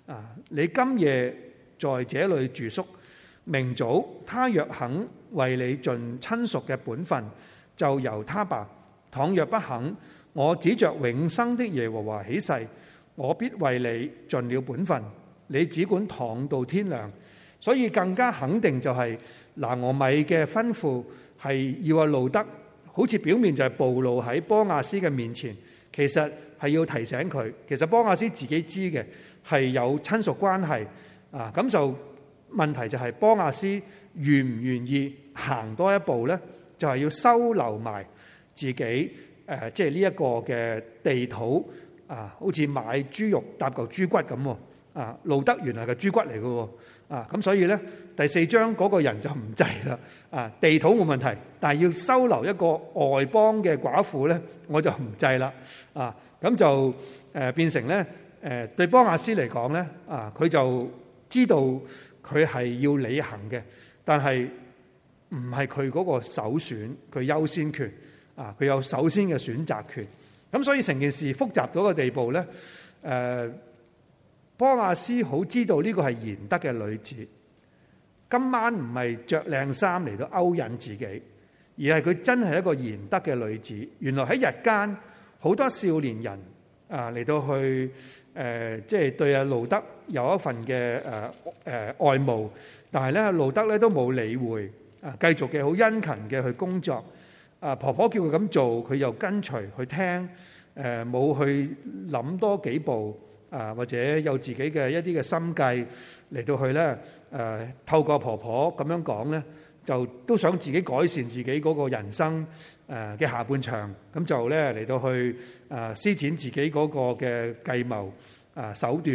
啊！你今夜，在這裏住宿。明早他若肯為你盡親屬嘅本分，就由他吧。倘若不肯，我指着永生的耶和華起誓，我必為你盡了本分，你只管躺到天亮。所以更加肯定就係、是、拿俄米嘅吩咐係要阿路得，好似表面就係暴露喺波亞斯嘅面前，其實，係要提醒佢。其實波亞斯自己知嘅係有親屬關係。啊，咁就問題就係波雅斯願唔願意行多一步咧？就係、是、要收留埋自己即係呢一個嘅地土啊、呃，好似買豬肉搭嚿豬骨咁喎。啊、呃，路德原來係個豬骨嚟嘅喎。啊、呃，咁所以咧第四章嗰個人就唔制啦。啊、呃，地土冇問題，但係要收留一個外邦嘅寡婦咧，我就唔制啦。啊、呃，咁就誒、呃、變成咧、呃、對波雅斯嚟講咧，啊、呃、佢就。知道佢係要履行嘅，但係唔係佢嗰個首選，佢優先權啊，佢有首先嘅選擇權。咁所以成件事複雜到個地步咧，誒、呃，波亞斯好知道呢個係賢德嘅女子。今晚唔係着靚衫嚟到勾引自己，而係佢真係一個賢德嘅女子。原來喺日間好多少年人啊嚟、呃、到去。誒，即係對阿路得有一份嘅誒誒愛慕，但係咧，路得咧都冇理會，啊，繼續嘅好殷勤嘅去工作，啊，婆婆叫佢咁做，佢又跟隨去聽，誒，冇去諗多幾步，啊，或者有自己嘅一啲嘅心計嚟到去咧，誒，透過婆婆咁樣講咧，就都想自己改善自己嗰個人生。誒嘅下半場，咁就咧嚟到去誒、啊、施展自己嗰個嘅計謀啊手段，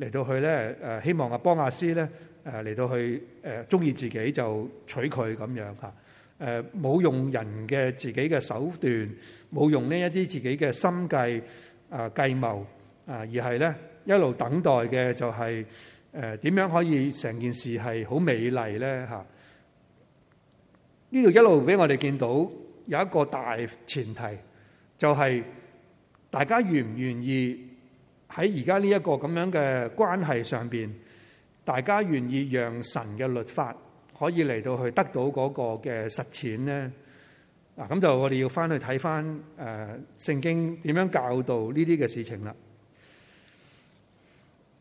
嚟到去咧誒、啊、希望波阿斯咧誒嚟到去誒中意自己就娶佢咁樣嚇，誒冇用人嘅自己嘅手段，冇用呢一啲自己嘅心計啊計謀啊，而係咧一路等待嘅就係誒點樣可以成件事係好美麗咧嚇？呢、啊、度一路俾我哋見到。有一個大前提，就係、是、大家願唔願意喺而家呢一個咁樣嘅關係上邊，大家願意讓神嘅律法可以嚟到去得到嗰個嘅實踐咧？啊，咁就我哋要翻去睇翻誒聖經點樣教導呢啲嘅事情啦。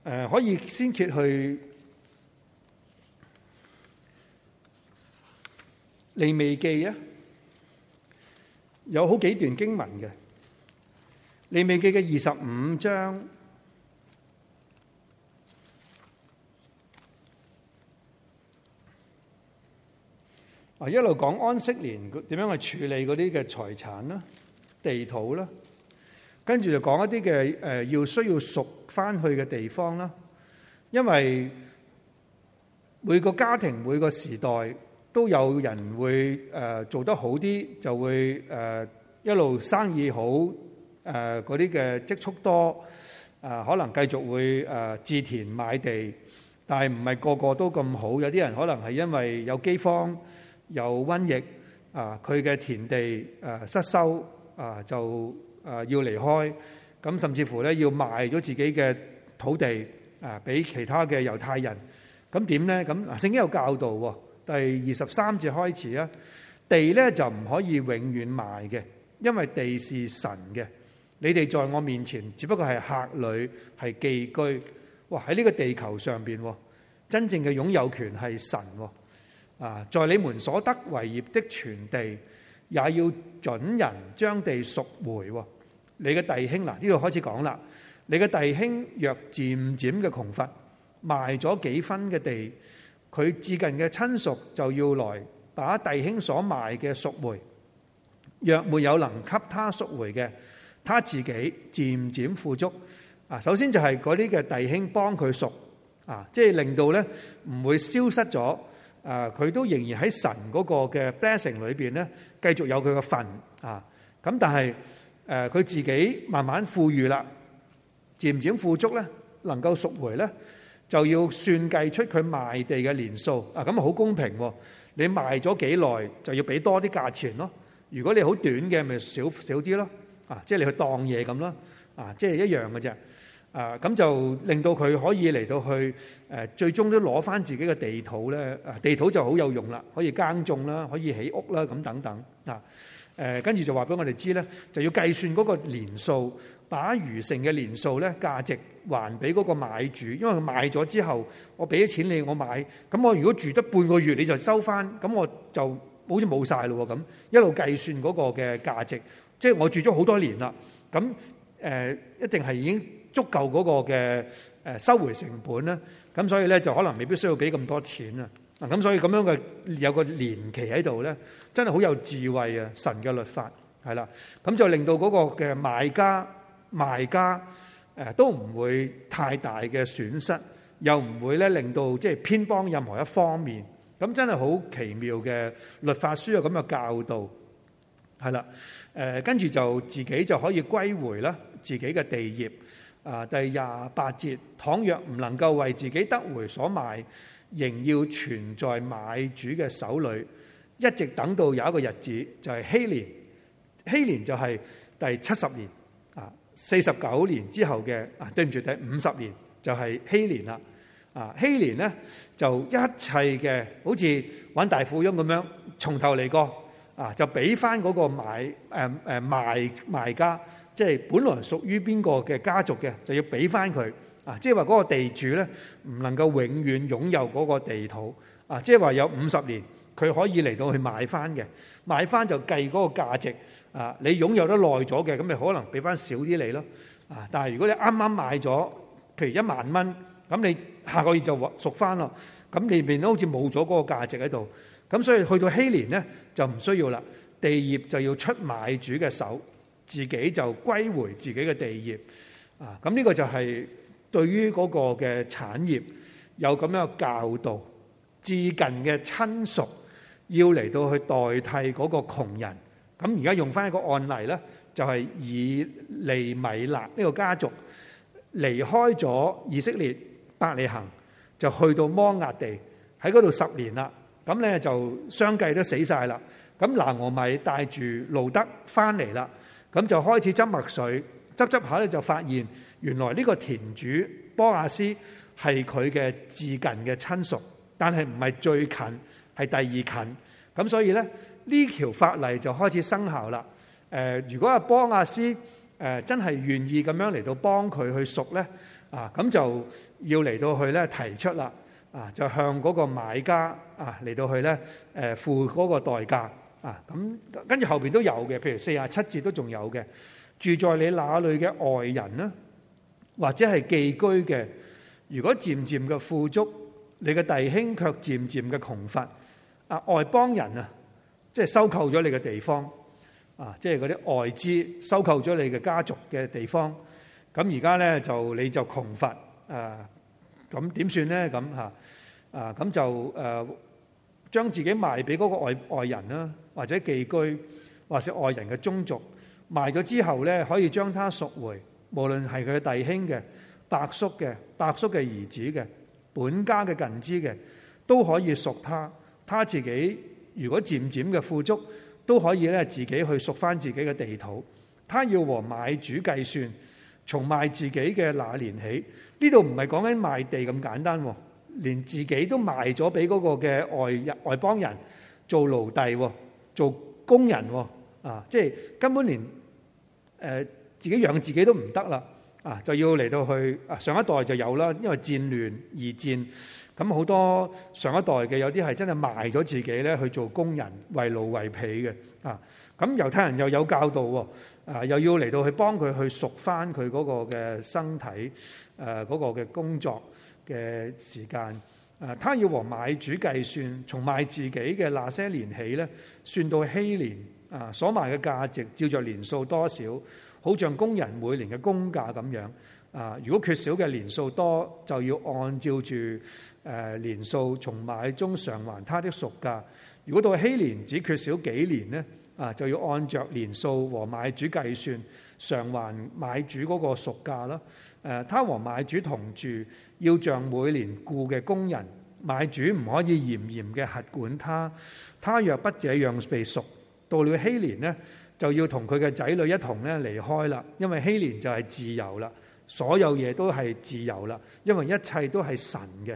誒、呃，可以先揭去利未記啊。有好幾段經文嘅，利未記嘅二十五章啊，一路講安息年點樣去處理嗰啲嘅財產啦、地土啦，跟住就講一啲嘅誒，要需要贖翻去嘅地方啦，因為每個家庭、每個時代。都有人會誒做得好啲，就會誒一路生意好誒嗰啲嘅積蓄多啊，可能繼續會誒置田買地，但係唔係個個都咁好？有啲人可能係因為有饑荒、有瘟疫啊，佢嘅田地誒失收啊，就誒要離開咁，甚至乎咧要賣咗自己嘅土地啊，俾其他嘅猶太人，咁點咧？咁聖經有教導喎。第二十三節開始啊，地咧就唔可以永遠賣嘅，因為地是神嘅。你哋在我面前只不過係客旅，係寄居。哇，喺呢個地球上邊，真正嘅擁有權係神。啊，在你們所得為業的全地，也要准人將地贖回。啊、你嘅弟兄嗱，呢、啊、度開始講啦。你嘅弟兄若漸漸嘅窮乏，賣咗幾分嘅地。佢至近嘅親屬就要來把弟兄所賣嘅贖回，若沒有能給他贖回嘅，他自己漸漸富足。啊，首先就係嗰啲嘅弟兄幫佢贖，啊，即係令到咧唔會消失咗。啊，佢都仍然喺神嗰個嘅 blessing 裏邊咧，繼續有佢嘅份。啊，咁但係誒佢自己慢慢富裕啦，漸漸富足咧，能夠贖回咧。就要算計出佢賣地嘅年數，啊，咁好公平喎！你賣咗幾耐就要俾多啲價錢咯。如果你好短嘅，咪少少啲咯，啊，即係你去當嘢咁咯，啊，即係一樣嘅啫，啊，咁就令到佢可以嚟到去誒最終都攞翻自己嘅地土咧，地土就好有用啦，可以耕種啦，可以起屋啦，咁等等，啊，誒，跟住就話俾我哋知咧，就要計算嗰個年數。把餘剩嘅年數咧價值還俾嗰個買主，因為佢賣咗之後，我俾咗錢給你，我買，咁我如果住得半個月你就收翻，咁我就好似冇晒咯喎咁，一路計算嗰個嘅價值，即係我住咗好多年啦，咁誒、呃、一定係已經足夠嗰個嘅誒收回成本啦，咁所以咧就可能未必需要俾咁多錢啊，咁所以咁樣嘅有個年期喺度咧，真係好有智慧啊！神嘅律法係啦，咁就令到嗰個嘅買家。賣家、呃、都唔會太大嘅損失，又唔會咧令到即係偏幫任何一方面。咁真係好奇妙嘅律法書有咁嘅教導係啦、呃。跟住就自己就可以歸回啦，自己嘅地業啊、呃。第廿八節，倘若唔能夠為自己得回所賣，仍要存在買主嘅手裏，一直等到有一個日子，就係希年，希年，就係第七十年。四十九年之後嘅啊，對唔住，第五十年就係希年啦。啊，希年咧就一切嘅好似玩大富翁咁樣，從頭嚟過。啊，就俾翻嗰個賣誒誒、呃、賣、賣家，即係本來屬於邊個嘅家族嘅，就要俾翻佢。啊，即係話嗰個地主咧，唔能夠永遠擁有嗰個地土。啊，即係話有五十年，佢可以嚟到去買翻嘅，買翻就計嗰個價值。啊！你擁有得耐咗嘅，咁咪可能俾翻少啲你咯。啊！但係如果你啱啱買咗，譬如一萬蚊，咁你下個月就贖翻咯。咁裏面都好似冇咗嗰個價值喺度。咁所以去到禧年咧，就唔需要啦。地業就要出買主嘅手，自己就歸回自己嘅地業。啊！咁呢個就係對於嗰個嘅產業有咁樣嘅教導。至近嘅親屬要嚟到去代替嗰個窮人。咁而家用翻一個案例咧，就係、是、以利米勒呢個家族離開咗以色列伯利恒，就去到摩押地喺嗰度十年啦。咁咧就相繼都死晒啦。咁拿俄米帶住路得翻嚟啦，咁就開始執麥穗。執執下咧就發現原來呢個田主波阿斯係佢嘅至近嘅親屬，但係唔係最近，係第二近。咁所以咧。呢條法例就開始生效啦。誒、呃，如果波阿斯誒、呃、真係願意咁樣嚟到幫佢去贖咧，啊，咁就要嚟到去咧提出啦，啊，就向嗰個買家啊嚟到去咧誒付嗰個代價啊。咁跟住後邊都有嘅，譬如四十七節都仲有嘅，住在你那裏嘅外人啦，或者係寄居嘅。如果漸漸嘅富足，你嘅弟兄卻漸漸嘅窮乏啊，外邦人啊。即係收購咗你嘅地方，啊！即係嗰啲外資收購咗你嘅家族嘅地方，咁而家咧就你就窮乏，誒咁點算咧？咁嚇啊咁就誒將自己賣俾嗰個外外人啦，或者寄居，或者外人嘅宗族賣咗之後咧，可以將他贖回，無論係佢嘅弟兄嘅、伯叔嘅、伯叔嘅兒子嘅、本家嘅近支嘅，都可以贖他，他自己。如果漸漸嘅富足都可以咧自己去贖翻自己嘅地土，他要和買主計算，從賣自己嘅那年起，呢度唔係講緊賣地咁簡單喎，連自己都賣咗俾嗰個嘅外外邦人做奴隸做工人喎，啊，即係根本連、呃、自己養自己都唔得啦，啊，就要嚟到去啊上一代就有啦，因為戰亂而戰。咁好多上一代嘅有啲係真係賣咗自己咧去做工人，為奴為婢嘅啊！咁猶太人又有教導喎，啊又要嚟到去幫佢去贖翻佢嗰個嘅身體，誒、啊、嗰、那個嘅工作嘅時間、啊，他要和買主計算，從賣自己嘅那些年起咧，算到禧年啊，所賣嘅價值照著年數多少，好像工人每年嘅工價咁樣啊！如果缺少嘅年數多，就要按照住，誒，年數從買中償還他的贖價。如果到禧年只缺少幾年呢，啊就要按著年數和買主計算，償還買主嗰個贖價咯、呃。他和買主同住，要像每年雇嘅工人。買主唔可以嚴嚴嘅核管他。他若不這樣被贖，到了禧年呢，就要同佢嘅仔女一同咧離開啦。因為禧年就係自由了，所有嘢都係自由了。因為一切都係神嘅。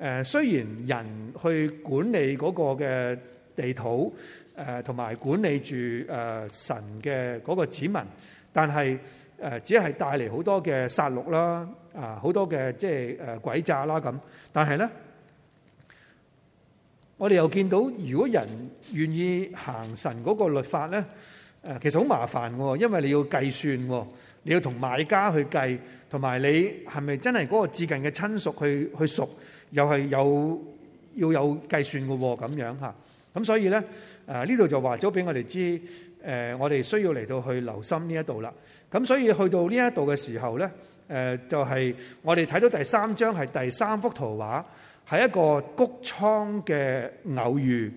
誒雖然人去管理嗰個嘅地土，誒同埋管理住誒神嘅嗰個子民，但係誒只係帶嚟好多嘅殺戮啦，啊好多嘅即係誒鬼詐啦咁。但係咧，我哋又見到，如果人願意行神嗰個律法咧，誒其實好麻煩，因為你要計算，你要同買家去計，同埋你係咪真係嗰個至近嘅親屬去去贖？又係有要有計算嘅喎，咁樣吓。咁所以咧，誒呢度就話咗俾我哋知，誒、呃、我哋需要嚟到去留心呢一度啦。咁所以去到呢一度嘅時候咧，誒、呃、就係、是、我哋睇到第三章係、呃就是、第，第三幅圖畫，係一個谷倉嘅偶遇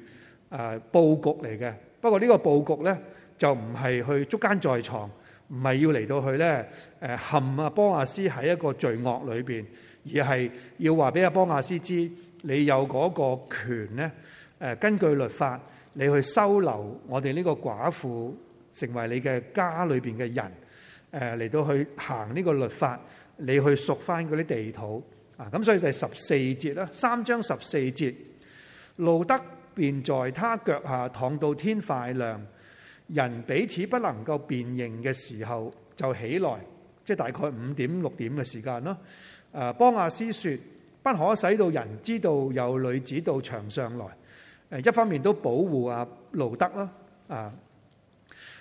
誒佈、呃、局嚟嘅。不過個布呢個佈局咧就唔係去捉奸在床，唔係要嚟到去咧誒、呃、陷啊波亞斯喺一個罪惡裏面。而係要話俾阿波亞斯知，你有嗰個權咧，誒根據律法，你去收留我哋呢個寡婦成為你嘅家裏面嘅人，誒嚟到去行呢個律法，你去贖翻嗰啲地土啊！咁所以第十四節啦，三章十四節，路德便在他腳下躺到天快亮，人彼此不能夠辨認嘅時候就起來。即係大概五點六點嘅時間咯。啊，波阿斯説不可使到人知道有女子到場上來。誒，一方面都保護啊路得啦。啊，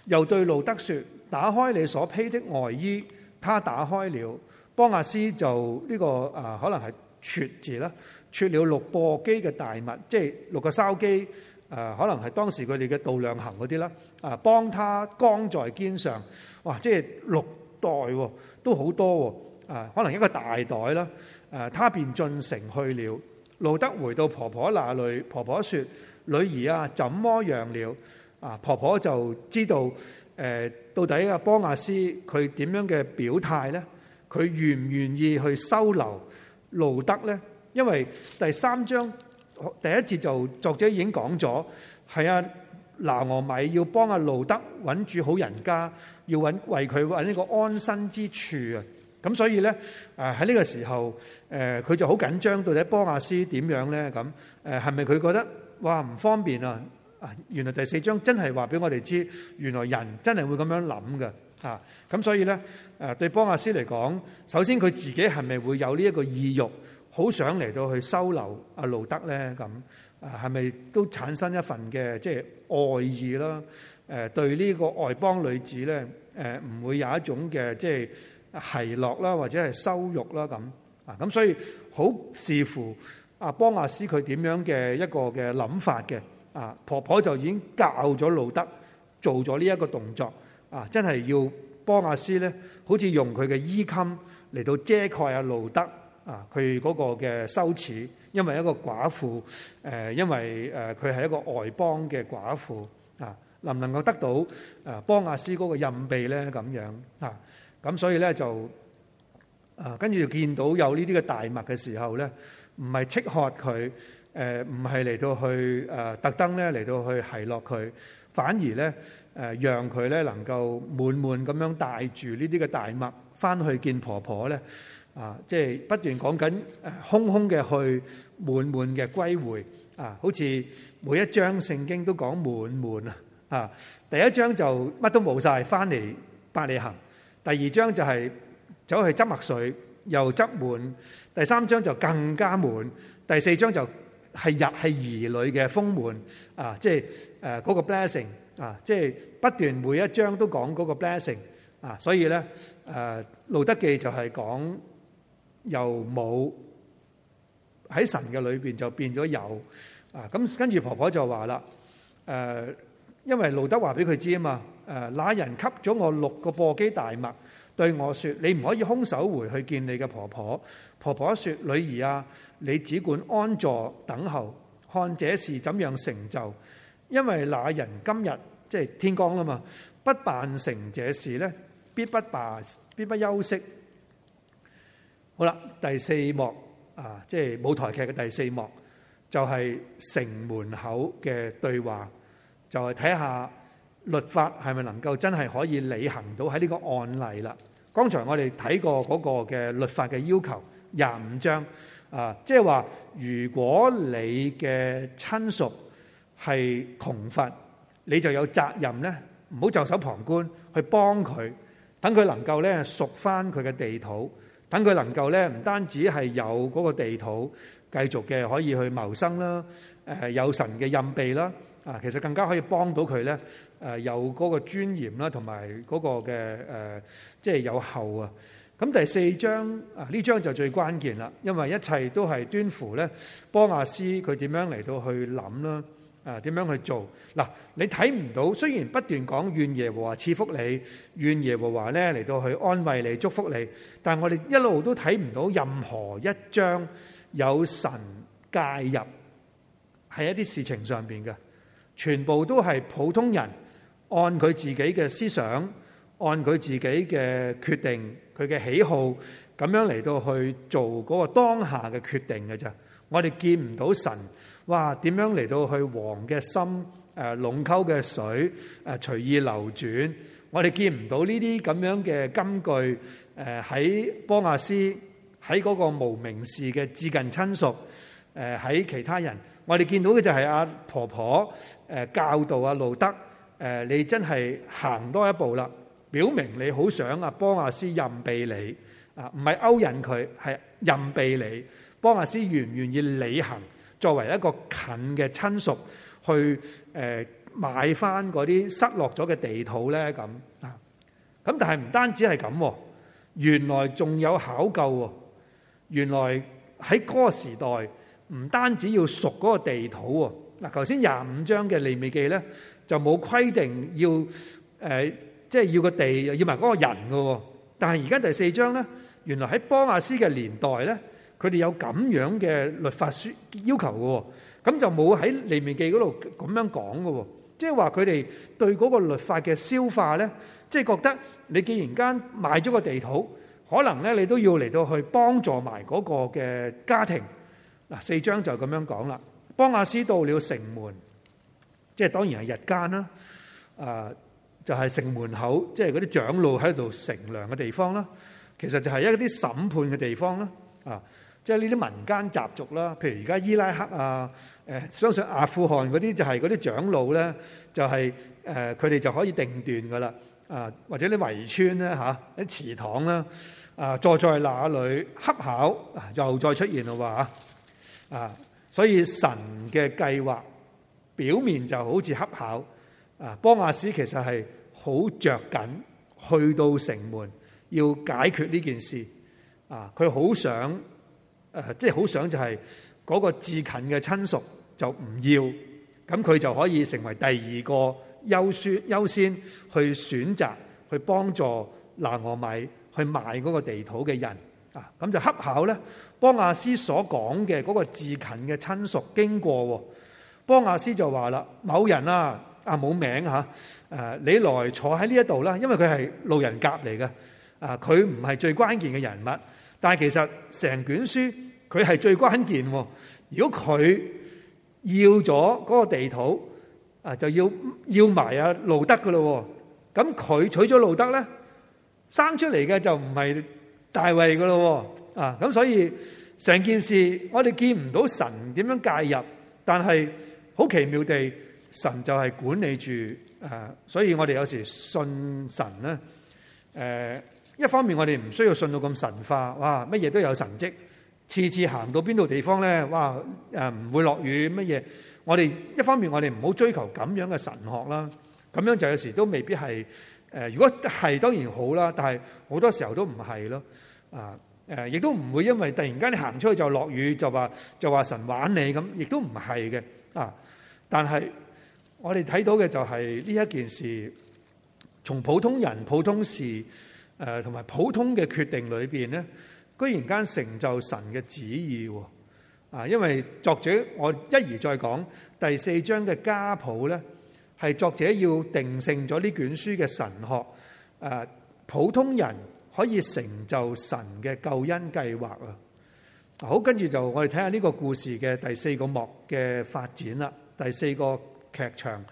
又對路得説：打開你所披的外衣。他打開了，波阿斯就呢、這個啊，可能係撮字啦，撮了六簸箕嘅大麥，即係六個筲箕。誒、啊，可能係當時佢哋嘅度量衡嗰啲啦。啊，幫他扛在肩上。哇！即係六。袋喎都好多喎，啊，可能一個大袋啦，啊，他便進城去了。路得回到婆婆那裏，婆婆説：女兒啊，怎麼樣了？啊，婆婆就知道誒到底阿波亞斯佢點樣嘅表態呢？佢願唔願意去收留路得呢？因為第三章第一節就作者已經講咗係啊。拿俄米要幫阿路德穩住好人家，要穩為佢穩呢個安身之處啊！咁所以咧，誒喺呢個時候，誒佢就好緊張，到底波亞斯點樣咧？咁誒係咪佢覺得哇唔方便啊？啊，原來第四章真係話俾我哋知，原來人真係會咁樣諗噶吓。咁所以咧，誒對波亞斯嚟講，首先佢自己係咪會有呢一個意欲，好想嚟到去收留阿路德咧？咁。啊，係咪都產生一份嘅即係愛意啦？誒，對呢個外邦女子咧，誒唔會有一種嘅即係奚落啦，或者係羞辱啦咁啊？咁所以好視乎啊，邦亞斯佢點樣嘅一個嘅諗法嘅啊？婆婆就已經教咗路得做咗呢一個動作啊！真係要邦亞斯咧，好似用佢嘅衣襟嚟到遮蓋阿路得啊，佢嗰個嘅羞恥。因為一個寡婦，誒、呃，因為誒佢係一個外邦嘅寡婦啊，能唔能夠得到誒波阿斯哥嘅蔭庇咧？咁樣啊，咁所以咧就啊，跟住見到有呢啲嘅大麥嘅時候咧，唔係斥喝佢，誒，唔係嚟到去誒、呃、特登咧嚟到去奚落佢，反而咧誒、呃、讓佢咧能夠滿滿咁樣帶住呢啲嘅大麥翻去見婆婆咧。啊，即係不斷講緊，空空嘅去，滿滿嘅歸回。啊，好似每一章聖經都講滿滿啊。啊，第一章就乜都冇曬，翻嚟伯利恆；第二章就係走去執麥穗，又執滿；第三章就更加滿；第四章就係日係兒女嘅豐滿。啊，即係誒嗰個 blessing 啊，即係不斷每一章都講嗰個 blessing 啊。所以咧，誒路德記就係講。又冇喺神嘅裏邊就變咗有啊！咁跟住婆婆就話啦，誒、呃，因為路得話俾佢知啊嘛，誒、呃，那人給咗我六個簸箕大麥，對我說，你唔可以空手回去見你嘅婆婆。婆婆說，女兒啊，你只管安坐等候，看這事怎樣成就。因為那人今日即係天光啦嘛，不辦成這事咧，必不罷，必不休息。好啦，第四幕啊，即係舞台劇嘅第四幕，就係城門口嘅對話，就係睇下律法係咪能夠真係可以履行到喺呢個案例啦。剛才我哋睇過嗰個嘅律法嘅要求廿五章啊，即係話如果你嘅親屬係窮乏，你就有責任咧，唔好袖手旁觀，去幫佢，等佢能夠咧贖翻佢嘅地土。等佢能夠咧，唔單止係有嗰個地土繼續嘅可以去謀生啦，誒有神嘅印記啦，啊其實更加可以幫到佢咧，誒有嗰個尊嚴啦，同埋嗰個嘅誒，即係有後啊。咁第四章啊，呢章就最關鍵啦，因為一切都係端乎咧，波亞斯佢點樣嚟到去諗啦。啊，點樣去做？嗱、啊，你睇唔到，雖然不斷講願耶和華賜福你，願耶和華咧嚟到去安慰你、祝福你，但我哋一路都睇唔到任何一張有神介入喺一啲事情上面嘅，全部都係普通人按佢自己嘅思想、按佢自己嘅決定、佢嘅喜好咁樣嚟到去做嗰個當下嘅決定嘅咋，我哋見唔到神。哇！點樣嚟到去黃嘅心？誒、呃，龍溝嘅水隨、呃、意流轉。我哋見唔到呢啲咁樣嘅金句喺、呃、波亞斯喺嗰個無名氏嘅至近親屬喺其他人。我哋見到嘅就係阿、啊、婆婆、呃、教導阿、啊、路德、呃、你真係行多一步啦，表明你好想啊，波亞斯任備你啊，唔、呃、係勾引佢，係任備你。波亞斯願唔願意履行？作為一個近嘅親屬去誒買翻嗰啲失落咗嘅地土咧，咁啊咁，但係唔單止係咁喎，原來仲有考究喎、哦。原來喺嗰個時代唔單止要贖嗰個地土喎、哦。嗱，頭先廿五章嘅利未記咧就冇規定要誒，即、呃、係、就是、要個地，要埋嗰個人嘅、哦。但係而家第四章咧，原來喺波亞斯嘅年代咧。佢哋有咁樣嘅律法書要求嘅喎，咁就冇喺《利未記》嗰度咁樣講嘅喎，即係話佢哋對嗰個律法嘅消化咧，即係覺得你既然間買咗個地土，可能咧你都要嚟到去幫助埋嗰個嘅家庭。嗱，四章就咁樣講啦，波阿斯到了城門，即係當然係日間啦，啊就係城門口，即係嗰啲長老喺度乘涼嘅地方啦，其實就係一啲審判嘅地方啦，啊。即係呢啲民間習俗啦，譬如而家伊拉克啊，誒相信阿富汗嗰啲就係嗰啲長老咧，就係誒佢哋就可以定斷噶啦，啊或者啲圍村咧嚇，啲祠堂啦，啊坐在哪裏，恰巧又再出現啦喎嚇，啊所以神嘅計劃表面就好似恰巧啊，波亞斯其實係好著緊去到城門要解決呢件事啊，佢好想。誒即係好想就係嗰個至近嘅親屬就唔要，咁佢就可以成為第二個優先，優先去選擇去幫助拿俄米去賣嗰個地土嘅人啊！咁就恰巧咧，幫亞斯所講嘅嗰個至近嘅親屬經過喎，幫亞斯就話啦：某人啊，啊冇名嚇、啊、你來坐喺呢一度啦，因為佢係路人甲嚟嘅啊，佢唔係最關鍵嘅人物，但係其實成卷書。佢係最關鍵喎，如果佢要咗嗰個地土啊，就要要埋啊路德噶咯，咁佢娶咗路德咧，生出嚟嘅就唔係大衛噶咯，啊，咁所以成件事我哋見唔到神點樣介入，但係好奇妙地神就係管理住，所以我哋有時信神咧，誒，一方面我哋唔需要信到咁神化，哇，乜嘢都有神蹟。次次行到邊度地方咧，哇！誒唔會落雨乜嘢？我哋一方面我哋唔好追求咁樣嘅神學啦，咁樣就有時都未必係、呃、如果係當然好啦，但係好多時候都唔係咯。啊誒，亦都唔會因為突然間你行出去就落雨就話就話神玩你咁，亦都唔係嘅啊。但係我哋睇到嘅就係呢一件事，從普通人普通事誒同埋普通嘅決定裏邊，咧。忽然間成就神嘅旨意喎。哦，啊！因為作者我一而再講第四章嘅家譜咧，係作者要定性咗呢卷書嘅神學，誒、啊，普通人可以成就神嘅救恩計劃啊！好，跟住就我哋睇下呢個故事嘅第四個幕嘅發展啦，第四個劇場，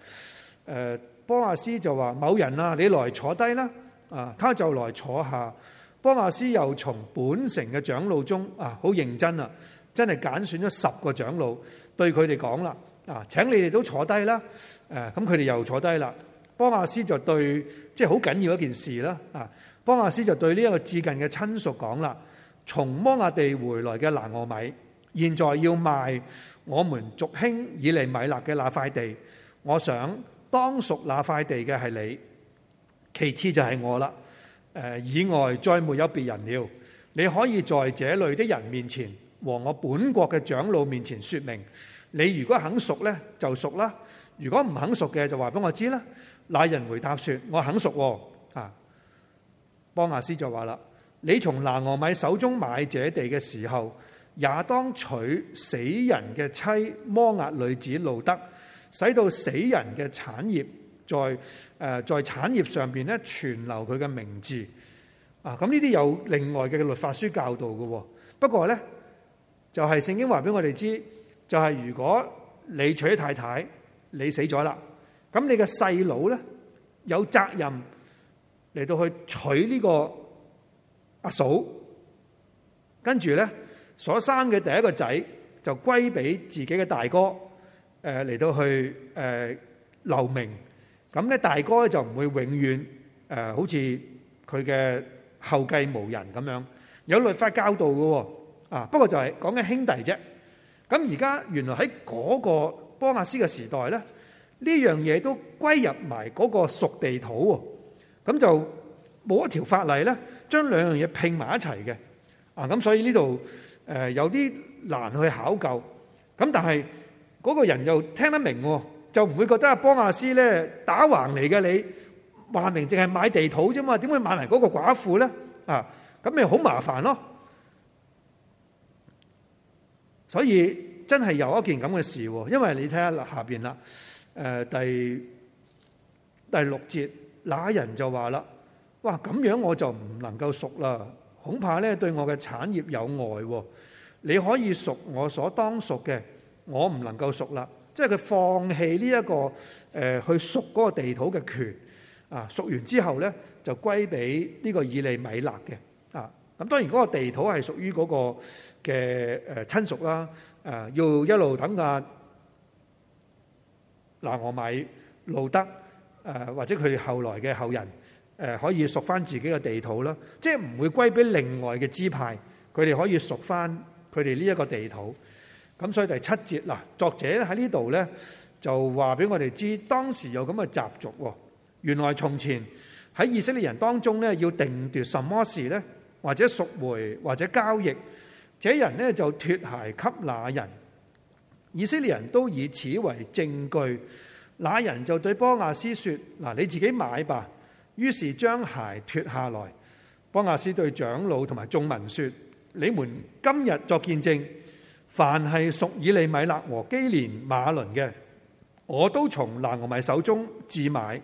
誒、啊，波亞斯就話某人啊，你來坐低啦，啊，他就來坐下。波亞斯又從本城嘅長老中啊，好認真啊，真係揀選咗十個長老，對佢哋講啦啊，請你哋都坐低啦，誒、啊，咁佢哋又坐低啦。波亞斯就對，即係好緊要一件事啦啊，波亞斯就對呢一個至近嘅親屬講啦，從摩亞地回來嘅拿俄米，現在要賣我們族興以利米勒嘅那塊地，我想當屬那塊地嘅係你，其次就係我啦。以外再沒有別人了。你可以在這類的人面前和我本國嘅長老面前說明。你如果肯熟呢，就熟啦，如果唔肯熟嘅就話俾我知啦。那人回答說：我肯熟喎、哦。啊，波亞斯就話啦：你從拿俄米手中買這地嘅時候，也當娶死人嘅妻摩亞女子路得，使到死人嘅產業。在誒在產業上邊咧，傳留佢嘅名字啊！咁呢啲有另外嘅律法書教導嘅。不過咧，就係聖經話俾我哋知，就係如果你娶咗太太，你死咗啦，咁你嘅細佬咧有責任嚟到去娶呢個阿嫂，跟住咧所生嘅第一個仔就歸俾自己嘅大哥誒嚟到去誒留名。咁咧大哥咧就唔會永遠誒好似佢嘅後繼無人咁樣，有律法教導嘅喎啊！不過就係講緊兄弟啫。咁而家原來喺嗰個波亞斯嘅時代咧，呢樣嘢都歸入埋嗰個贖地土喎。咁就冇一條法例咧，將兩樣嘢拼埋一齊嘅啊！咁所以呢度誒有啲難去考究。咁但係嗰個人又聽得明喎。就唔會覺得波阿斯咧打橫嚟嘅你，話明淨係買地土啫嘛？點會買埋嗰個寡婦咧？啊，咁咪好麻煩咯。所以真係有一件咁嘅事，因為你睇下下邊啦。誒、呃，第第六節，那人就話啦：「哇，咁樣我就唔能夠熟啦，恐怕咧對我嘅產業有礙。你可以贖我所當贖嘅，我唔能夠贖啦。因為佢放棄呢一個誒、呃、去贖嗰個地土嘅權啊，贖完之後咧就歸俾呢個以利米勒嘅啊。咁、啊、當然嗰個地土係屬於嗰個嘅誒親屬啦。誒、啊啊、要一路等緊、啊、拿俄米、路得誒、啊、或者佢後來嘅後人誒、啊、可以贖翻自己嘅地土啦、啊。即係唔會歸俾另外嘅支派，佢哋可以贖翻佢哋呢一個地土。咁所以第七節啦，作者喺呢度呢，就話俾我哋知，當時有咁嘅習俗喎。原來從前喺以色列人當中呢，要定奪什麼事呢？或者贖回或者交易，這人呢，就脫鞋給那人。以色列人都以此為證據，那人就對波亞斯說：嗱，你自己買吧。於是將鞋脫下來。波亞斯對長老同埋眾民說：你們今日作見證。凡係屬以利米勒和基連馬倫嘅，我都從拿俄米手中置買，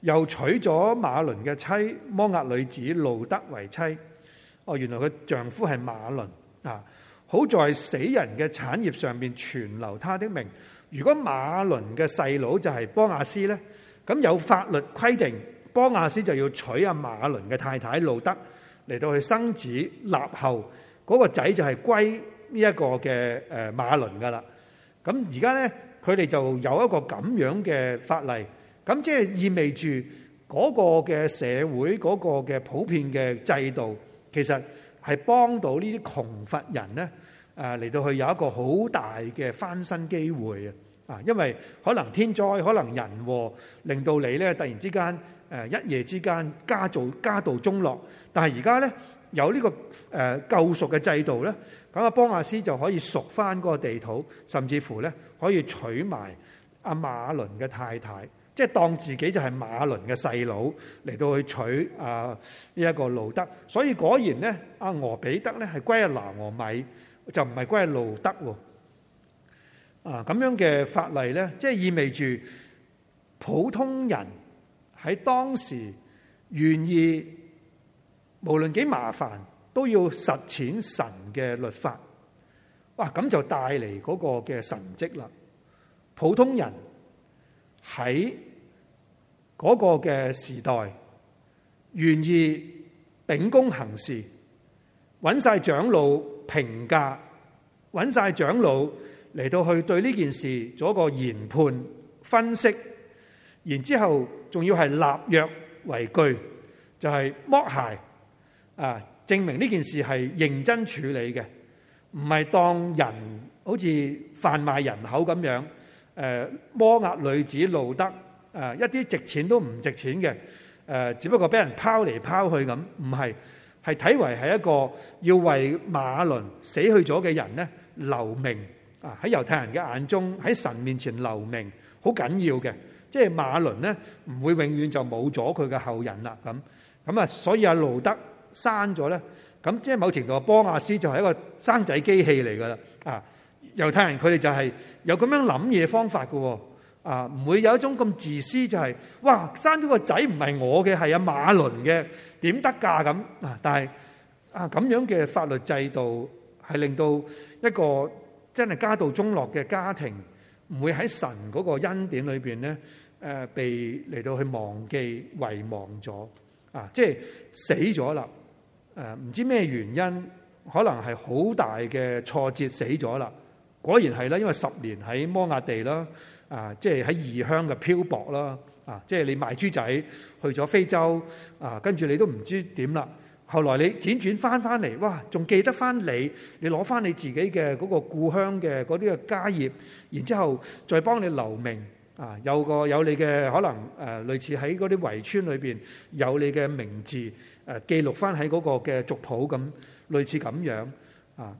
又娶咗馬倫嘅妻摩押女子路得為妻。哦，原來佢丈夫係馬倫啊！好在死人嘅產業上面存留他的名。如果馬倫嘅細佬就係波亞斯呢，咁有法律規定，波亞斯就要娶阿馬倫嘅太太路得嚟到去生子立後。嗰、那個仔就係歸。呢一個嘅誒馬輪㗎喇，咁而家咧，佢哋就有一個咁樣嘅法例，咁即係意味住嗰個嘅社會嗰個嘅普遍嘅制度，其實係幫到呢啲窮乏人咧，誒嚟到去有一個好大嘅翻身機會啊！啊，因為可能天災，可能人禍，令到你咧突然之間誒一夜之間家造家道中落，但係而家咧有呢個誒救贖嘅制度咧。咁阿波阿斯就可以贖翻個地土，甚至乎咧可以娶埋阿馬倫嘅太太，即係當自己就係馬倫嘅細佬嚟到去娶啊呢一個路德。所以果然咧，阿俄比德咧係歸阿拿俄米，就唔係歸阿路德喎。啊，咁樣嘅法例咧，即係意味住普通人喺當時願意，無論幾麻煩都要實踐神嘅律法，哇！咁就帶嚟嗰個嘅神蹟啦。普通人喺嗰個嘅時代，願意秉公行事，揾晒長老評價，揾晒長老嚟到去對呢件事做一個研判分析，然之後仲要係立約為據，就係、是、剝鞋。啊！證明呢件事係認真處理嘅，唔係當人好似販賣人口咁樣，誒摩壓女子路德，誒、啊、一啲值錢都唔值錢嘅，誒、啊、只不過俾人拋嚟拋去咁，唔係係睇為係一個要為馬倫死去咗嘅人咧留名啊！喺猶太人嘅眼中，喺神面前留名好緊要嘅，即係馬倫咧唔會永遠就冇咗佢嘅後人啦咁，咁啊所以阿、啊、路德。生咗咧，咁即係某程度，波亞斯就係一個生仔機器嚟㗎喇。啊，猶太人佢哋就係有咁樣諗嘢方法㗎喎。啊，唔會有一種咁自私，就係哇，生咗個仔唔係我嘅，係阿馬倫嘅，點得㗎咁啊？但係啊，咁樣嘅法律制度係令到一個真係家道中落嘅家庭，唔會喺神嗰個恩典裏邊咧，誒，被嚟到去忘記遺忘咗啊！即係死咗啦～誒唔知咩原因，可能係好大嘅挫折死咗啦。果然係啦，因為十年喺摩押地啦，啊，即係喺異鄉嘅漂泊啦，啊，即係你賣豬仔去咗非洲，啊，跟住你都唔知點啦。後來你輾轉返返嚟，哇，仲記得返你，你攞返你自己嘅嗰個故鄉嘅嗰啲嘅家業，然之後再幫你留名，啊，有個有你嘅可能誒、啊，類似喺嗰啲圍村裏邊有你嘅名字。誒，記錄翻喺嗰個嘅族譜咁，類似咁樣啊。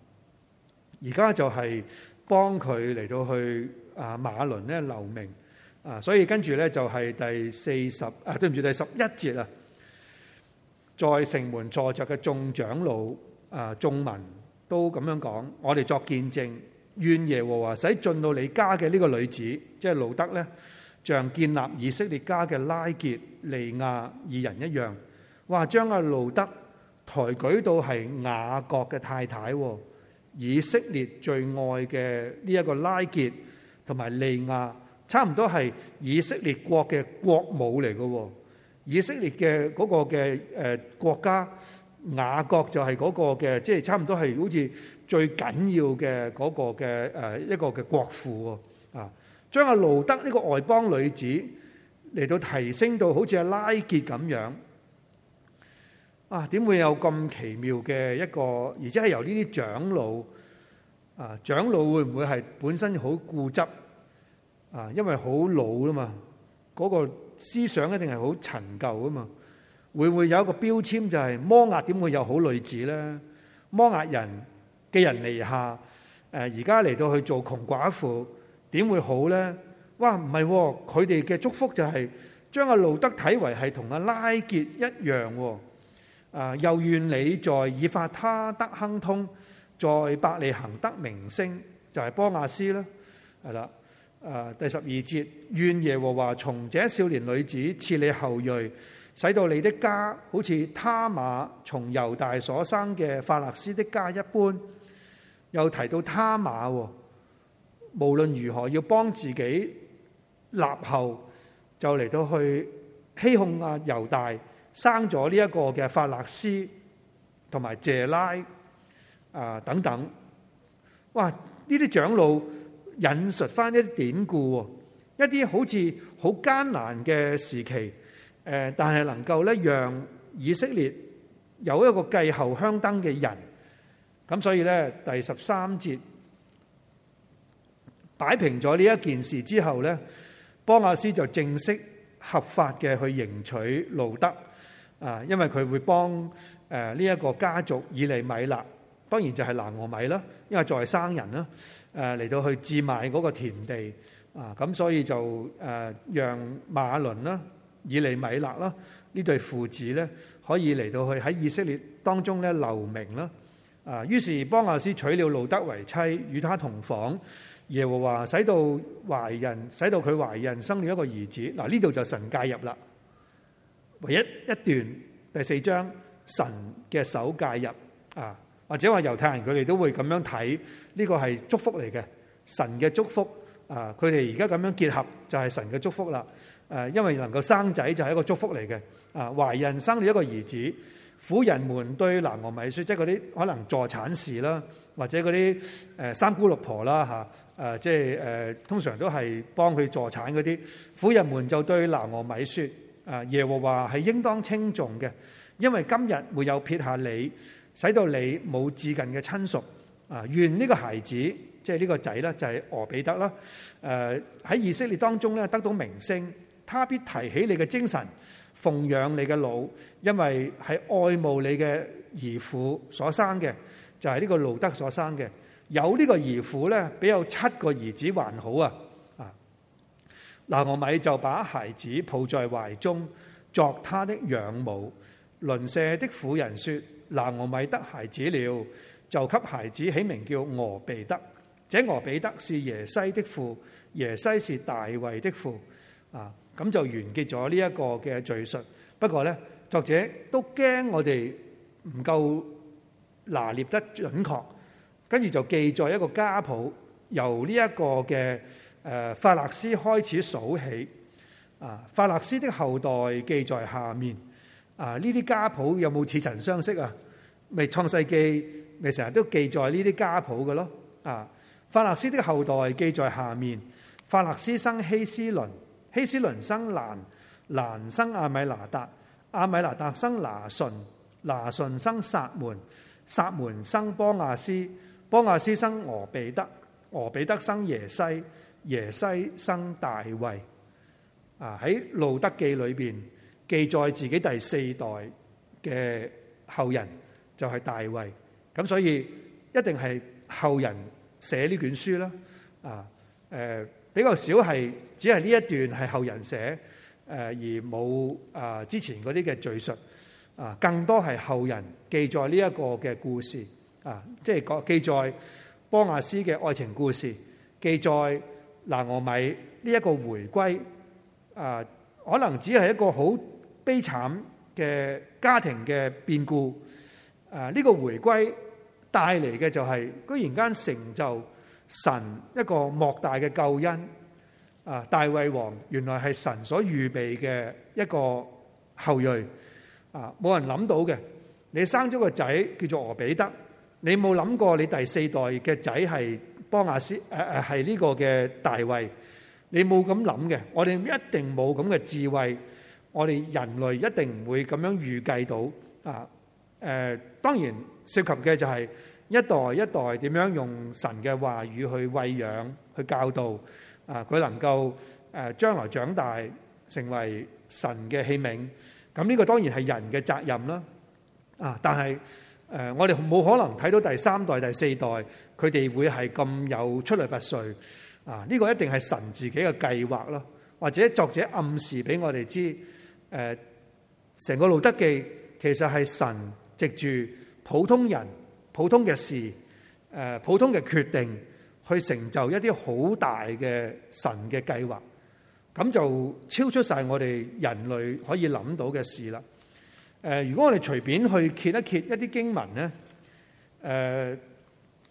而家就係幫佢嚟到去啊馬倫咧留名啊，所以跟住咧就係第四十啊，對唔住，第十一節啊，在城門坐著嘅眾長老啊，眾民都咁樣講，我哋作見證，願耶和華使進到你家嘅呢個女子，即係路得咧，像建立以色列家嘅拉結利亞二人一樣。話將阿路得抬舉到係雅各嘅太太，以色列最愛嘅呢一個拉結同埋利亞，差唔多係以色列國嘅國母嚟嘅。以色列嘅嗰個嘅誒國家，雅各就係嗰個嘅，即係差唔多係好似最緊要嘅嗰個嘅誒一個嘅國父啊。將阿路得呢個外邦女子嚟到提升到好似阿拉結咁樣。啊！點會有咁奇妙嘅一個？而且係由呢啲長老啊，長老會唔會係本身好固執啊？因為好老啦嘛，嗰個思想一定係好陳舊啊嘛。會唔會有一個標籤就係摩押點會有好女子咧？摩押人寄人籬下，而家嚟到去做窮寡婦點會好咧？哇！唔係佢哋嘅祝福就係將阿路得睇為係同阿拉結一樣啊。啊！又願你在以法他得亨通，在伯利恆得名聲，就係、是、波雅斯啦，係啦、啊。第十二節，願耶和華從這少年女子賜你後裔，使到你的家好似他馬從猶大所生嘅法勒斯的家一般。又提到他馬，哦、無論如何要幫自己立後，就嚟到去希控亞、啊、猶大。生咗呢一個嘅法勒斯同埋謝拉啊等等，哇！呢啲長老引述翻一啲典故，一啲好似好艱難嘅時期，誒，但係能夠咧讓以色列有一個繼後香燈嘅人。咁所以咧，第十三節擺平咗呢一件事之後咧，波亞斯就正式合法嘅去迎娶路德。啊，因為佢會幫誒呢一個家族以利米勒，當然就係拿俄米啦，因為作為生人啦，誒嚟到去置買嗰個田地啊，咁所以就誒讓馬倫啦，以利米勒啦呢對父子咧，可以嚟到去喺以色列當中咧留名啦。啊，於是波阿斯娶了路得為妻，與他同房，耶和華使到懷孕，使到佢懷孕生了一個兒子。嗱，呢度就神介入啦。唯一一段第四章，神嘅手介入啊，或者話猶太人佢哋都會咁樣睇呢個係祝福嚟嘅，神嘅祝福啊！佢哋而家咁樣結合就係神嘅祝福啦。誒，因為能夠生仔就係一個祝福嚟嘅啊！懷孕生咗一個兒子，婦人們對拿俄米說，即係嗰啲可能助產士啦，或者嗰啲誒三姑六婆啦吓，誒即係誒通常都係幫佢助產嗰啲婦人們就對拿俄米說。啊！耶和華係應當稱頌嘅，因為今日沒有撇下你，使到你冇至近嘅親屬。啊，願呢個孩子，即係呢個仔咧，就係、是、俄比德啦。誒，喺以色列當中咧得到名聲，他必提起你嘅精神，奉養你嘅老，因為係愛慕你嘅兒父所生嘅，就係、是、呢個路得所生嘅。有呢個兒父咧，比有七個兒子還好啊！拿俄米就把孩子抱在懷中，作他的養母。鄰舍的婦人說：拿俄米得孩子了，就給孩子起名叫俄比德。這俄比德是耶西的父，耶西是大衛的父。啊，咁就完結咗呢一個嘅敘述。不過咧，作者都驚我哋唔夠拿捏得準確，跟住就記載一個家譜，由呢一個嘅。誒法勒斯開始數起啊，法勒斯的後代記在下面啊。呢啲家譜有冇似曾相識啊？未創世記未成日都記在呢啲家譜嘅咯啊。法勒斯的後代記在下面，法勒斯生希斯倫，希斯倫生蘭，蘭生阿米拿達，阿米拿達生拿順，拿順生撒門，撒門生波亞斯，波亞斯生俄比德，俄比德生耶西。耶西生大衛啊，喺路得記裏邊記載自己第四代嘅後人就係、是、大衛，咁所以一定係後人寫呢卷書啦。啊、呃，誒比較少係只係呢一段係後人寫，誒、呃、而冇啊、呃、之前嗰啲嘅敘述啊、呃，更多係後人記載呢一個嘅故事啊、呃，即係講記載波阿斯嘅愛情故事，記載。嗱，俄米呢一個回歸啊，可能只係一個好悲慘嘅家庭嘅變故。啊，呢個回歸帶嚟嘅就係，居然間成就神一個莫大嘅救恩。啊，大衛王原來係神所預備嘅一個後裔。啊，冇人諗到嘅，你生咗個仔叫做俄比德，你冇諗過你第四代嘅仔係。波阿斯，誒誒，係呢個嘅大衛，你冇咁諗嘅，我哋一定冇咁嘅智慧，我哋人類一定唔會咁樣預計到啊。誒，當然涉及嘅就係一代一代點樣用神嘅話語去餵養、去教導，啊，佢能夠誒將來長大成為神嘅器皿，咁呢個當然係人嘅責任啦。啊，但係誒，我哋冇可能睇到第三代、第四代，佢哋會係咁有出類拔萃啊！呢、這個一定係神自己嘅計劃咯，或者作者暗示俾我哋知道，誒、呃、成個路得記其實係神藉住普通人、普通嘅事、誒、呃、普通嘅決定，去成就一啲好大嘅神嘅計劃，咁就超出晒我哋人類可以諗到嘅事啦。誒、呃，如果我哋隨便去揭一揭一啲經文咧，誒、呃。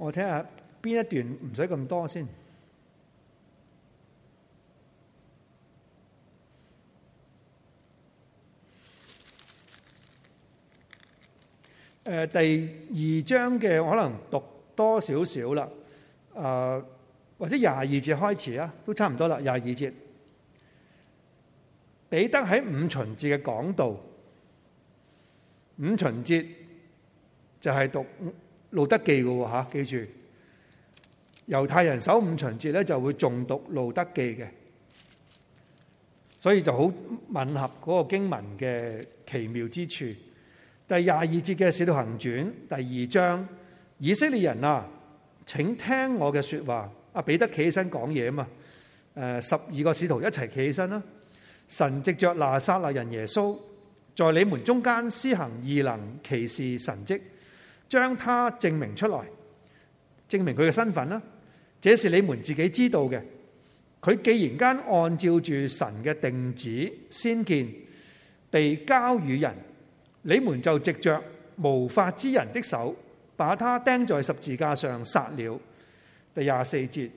我睇下邊一段唔使咁多先。誒，第二章嘅可能讀多少少啦。誒，或者廿二節開始啦，都差唔多啦。廿二節，彼得喺五旬節嘅講道，五旬節就係讀路德記嘅吓，記住猶太人首五旬節咧，就會誦讀路德記嘅，所以就好吻合嗰個經文嘅奇妙之處。第廿二節嘅使徒行傳第二章，以色列人啊，請聽我嘅說話。阿、啊、彼得企起身講嘢啊嘛，誒，十二個使徒一齊企起身啦。神藉着拿撒勒人耶穌，在你們中間施行異能、歧視神跡，將他證明出來，證明佢嘅身份啦。這是你們自己知道嘅。佢既然間按照住神嘅定旨、先見，被交與人，你們就藉着無法之人的手，把他釘在十字架上殺了。第廿四節，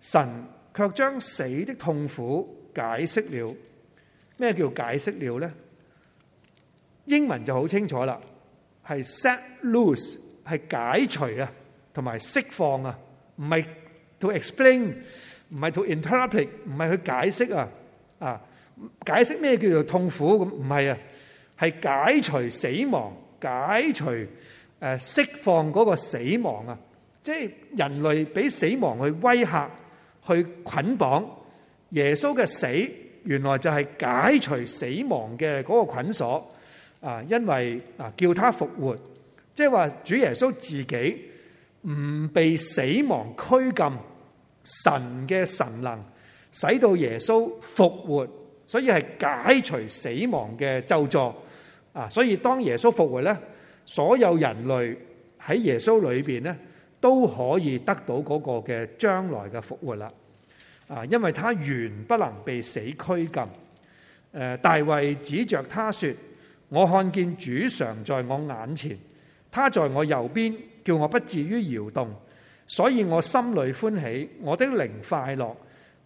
神卻將死的痛苦解釋了。咩叫解釋了呢？英文就好清楚了。係 set loose，係解除啊，同埋釋放啊，唔係 to explain，唔係 to interrupt，唔係去解釋啊，啊，解釋咩叫做痛苦咁，唔係啊，係解除死亡，解除誒、啊、釋放嗰個死亡啊，即係人類俾死亡去威嚇、去捆綁，耶穌嘅死原來就係解除死亡嘅嗰個捆鎖。啊，因為啊，叫他復活，即係話主耶穌自己唔被死亡拘禁，神嘅神能使到耶穌復活，所以係解除死亡嘅咒詛。啊，所以當耶穌復活咧，所有人類喺耶穌裏邊咧都可以得到嗰個嘅將來嘅復活啦。啊，因為他原不能被死拘禁。誒，大衛指着他說。我看見主常在我眼前，他在我右邊，叫我不至於搖動。所以我心裏歡喜，我的靈快樂。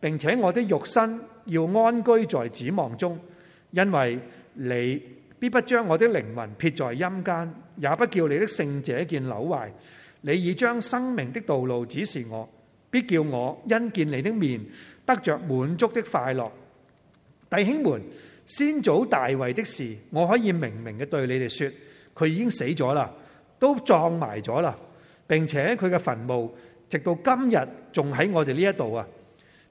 並且我的肉身要安居在指望中，因為你必不將我的靈魂撇在陰間，也不叫你的聖者見朽壞。你已將生命的道路指示我，必叫我因見你的面得着滿足的快樂。弟兄們。先祖大衛的事，我可以明明嘅對你哋說，佢已經死咗啦，都葬埋咗啦，並且佢嘅墳墓直到今日仲喺我哋呢一度啊！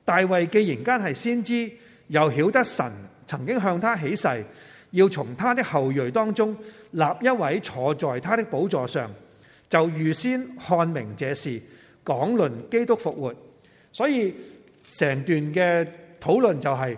大衛既然間係先知，又曉得神曾經向他起誓，要從他的後裔當中立一位坐在他的寶座上，就預先看明這事，講論基督復活。所以成段嘅討論就係、是。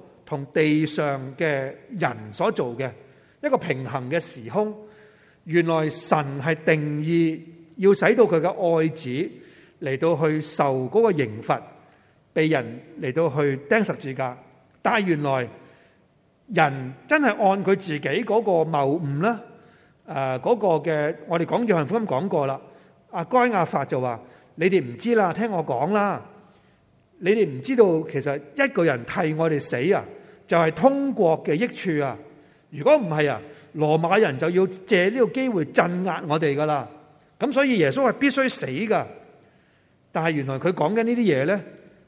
同地上嘅人所做嘅一個平衡嘅時空，原來神係定義要使到佢嘅愛子嚟到去受嗰個刑罰，被人嚟到去釘十字架。但係原來人真係按佢自己嗰、呃那個謬誤啦，誒個嘅我哋講約翰福音講過啦，阿、啊、該亞法就話：你哋唔知啦，聽我講啦，你哋唔知道其實一個人替我哋死啊！就係通過嘅益處啊！如果唔係啊，羅馬人就要借呢個機會鎮壓我哋噶啦。咁所以耶穌係必須死噶。但係原來佢講緊呢啲嘢呢，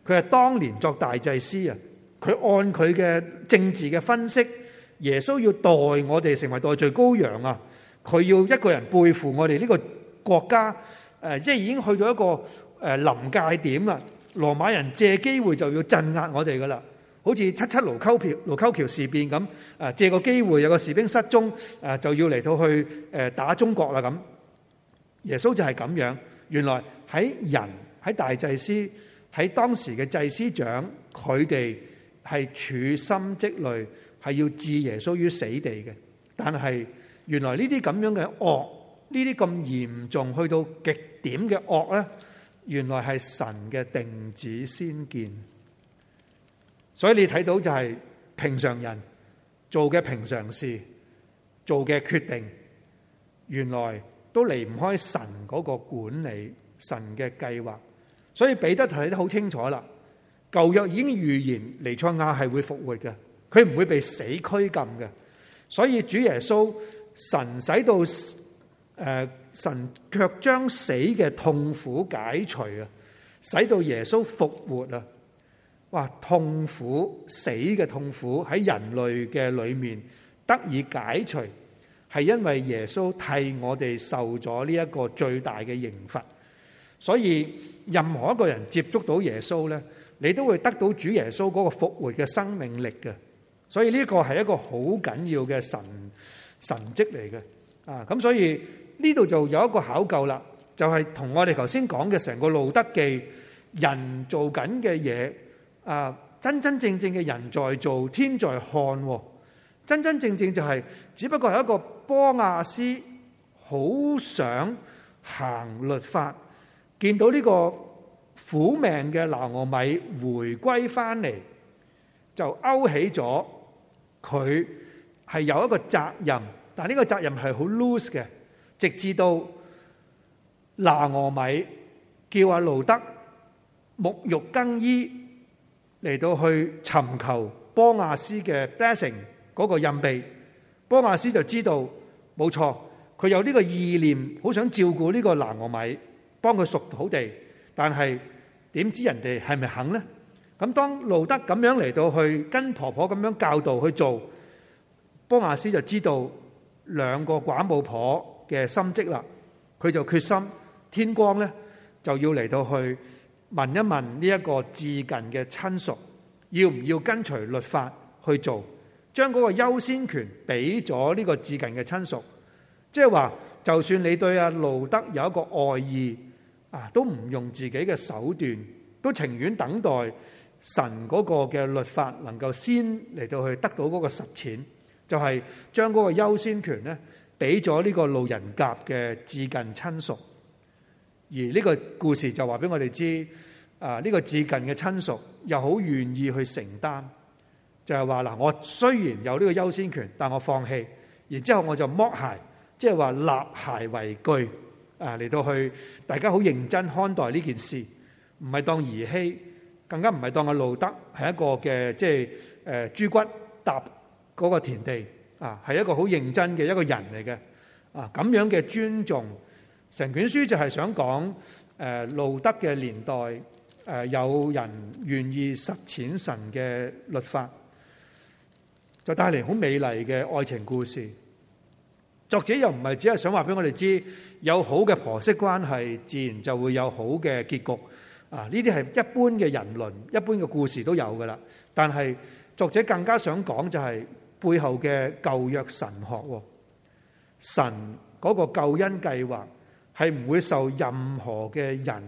佢係當年作大祭司啊。佢按佢嘅政治嘅分析，耶穌要代我哋成為代罪羔羊啊。佢要一個人背負我哋呢個國家。即係已經去到一個誒臨界點啦。羅馬人借機會就要鎮壓我哋噶啦。好似七七盧溝橋盧溝橋事變咁，借個機會有個士兵失蹤，啊就要嚟到去誒打中國啦咁。耶穌就係咁樣，原來喺人喺大祭司喺當時嘅祭司長，佢哋係處心積慮係要置耶穌於死地嘅。但係原來呢啲咁樣嘅惡，呢啲咁嚴重去到極點嘅惡咧，原來係神嘅定旨先見。所以你睇到就係、是、平常人做嘅平常事做嘅決定，原來都離唔開神嗰個管理神嘅計劃。所以彼得睇得好清楚啦。舊約已經預言彌賽亞係會復活嘅，佢唔會被死拘禁嘅。所以主耶穌神使到誒、呃、神卻將死嘅痛苦解除啊，使到耶穌復活啊。哇！痛苦死嘅痛苦喺人類嘅裏面得以解除，係因為耶穌替我哋受咗呢一個最大嘅刑罰。所以任何一個人接觸到耶穌呢，你都會得到主耶穌嗰個復活嘅生命力嘅。所以呢個係一個好緊要嘅神神跡嚟嘅。啊，咁所以呢度就有一個考究啦，就係同我哋頭先講嘅成個路德記人做緊嘅嘢。啊！真真正正嘅人在做，天在看，哦。真真正正就係、是，只不過係一個波亞斯好想行律法，見到呢個苦命嘅拿俄米回歸翻嚟，就勾起咗佢係有一個責任。但呢個責任係好 loose 嘅，直至到拿俄米叫阿路德沐浴更衣。嚟到去尋求波亞斯嘅 blessing 嗰個印記，波亞斯就知道冇錯，佢有呢個意念，好想照顧呢個拿俄米，幫佢贖土地，但係點知人哋係咪肯呢？咁當路得咁樣嚟到去跟婆婆咁樣教導去做，波亞斯就知道兩個寡母婆嘅心跡啦，佢就決心天光咧就要嚟到去。問一問呢一個至近嘅親屬，要唔要跟隨律法去做，將嗰個優先權俾咗呢個至近嘅親屬，即係話，就算你對阿、啊、路得有一個愛意啊，都唔用自己嘅手段，都情願等待神嗰個嘅律法能夠先嚟到去得到嗰個實踐，就係將嗰個優先權咧俾咗呢個路人甲嘅至近親屬。而呢個故事就話俾我哋知，啊、這、呢個至近嘅親屬又好願意去承擔，就係話嗱，我雖然有呢個優先權，但我放棄，然之後我就剝鞋，即係話立鞋為據，啊嚟到去大家好認真看待呢件事，唔係當兒戲，更加唔係當個路得係一個嘅即係誒豬骨搭嗰個田地啊，係一個好認真嘅一個人嚟嘅啊，咁樣嘅尊重。成卷書就係想講誒、呃、路得嘅年代，誒、呃、有人願意實踐神嘅律法，就帶嚟好美麗嘅愛情故事。作者又唔係只係想話俾我哋知，有好嘅婆媳關係，自然就會有好嘅結局。啊，呢啲係一般嘅人倫、一般嘅故事都有㗎啦。但係作者更加想講就係、是、背後嘅舊約神學喎、哦，神嗰個救恩計劃。係唔會受任何嘅人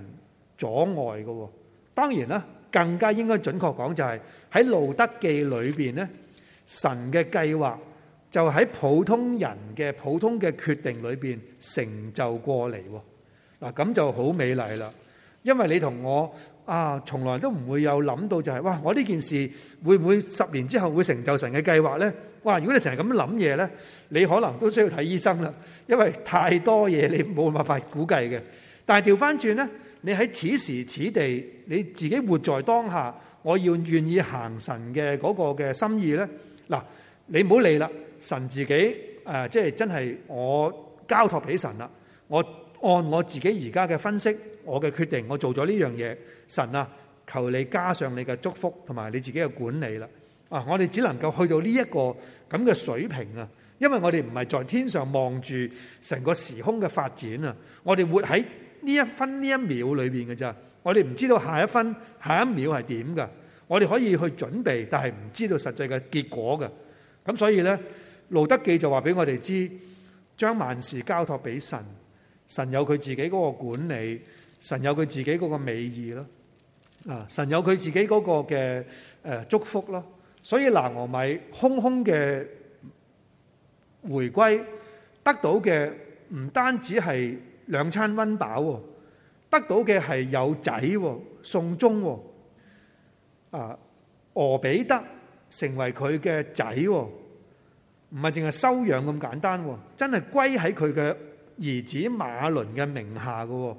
阻礙嘅喎。當然啦，更加應該準確講就係喺路得記裏邊咧，神嘅計劃就喺普通人嘅普通嘅決定裏邊成就過嚟喎。嗱，咁就好美麗啦，因為你同我。啊！從來都唔會有諗到、就係，就係哇！我呢件事會唔會十年之後會成就神嘅計劃呢？哇！如果你成日咁諗嘢呢，你可能都需要睇醫生啦，因為太多嘢你冇辦法估計嘅。但係調翻轉呢，你喺此時此地，你自己活在當下，我要願意行神嘅嗰個嘅心意呢。嗱，你唔好理啦，神自己即係、呃就係、真係我交託俾神啦，我按我自己而家嘅分析。我嘅決定，我做咗呢樣嘢，神啊，求你加上你嘅祝福同埋你自己嘅管理啦。啊，我哋只能夠去到呢、這、一個咁嘅水平啊，因為我哋唔係在天上望住成個時空嘅發展啊，我哋活喺呢一分呢一秒裏邊嘅咋，我哋唔知道下一分下一秒係點噶，我哋可以去準備，但係唔知道實際嘅結果噶。咁所以呢，路得記就話俾我哋知，將萬事交託俾神，神有佢自己嗰個管理。神有佢自己嗰個美意咯，啊！神有佢自己嗰個嘅誒祝福咯，所以拿俄米空空嘅回歸得到嘅唔單止係兩餐溫飽喎，得到嘅係有仔送終喎，啊！俄備得成為佢嘅仔喎，唔係淨係收養咁簡單喎，真係歸喺佢嘅兒子馬倫嘅名下嘅喎。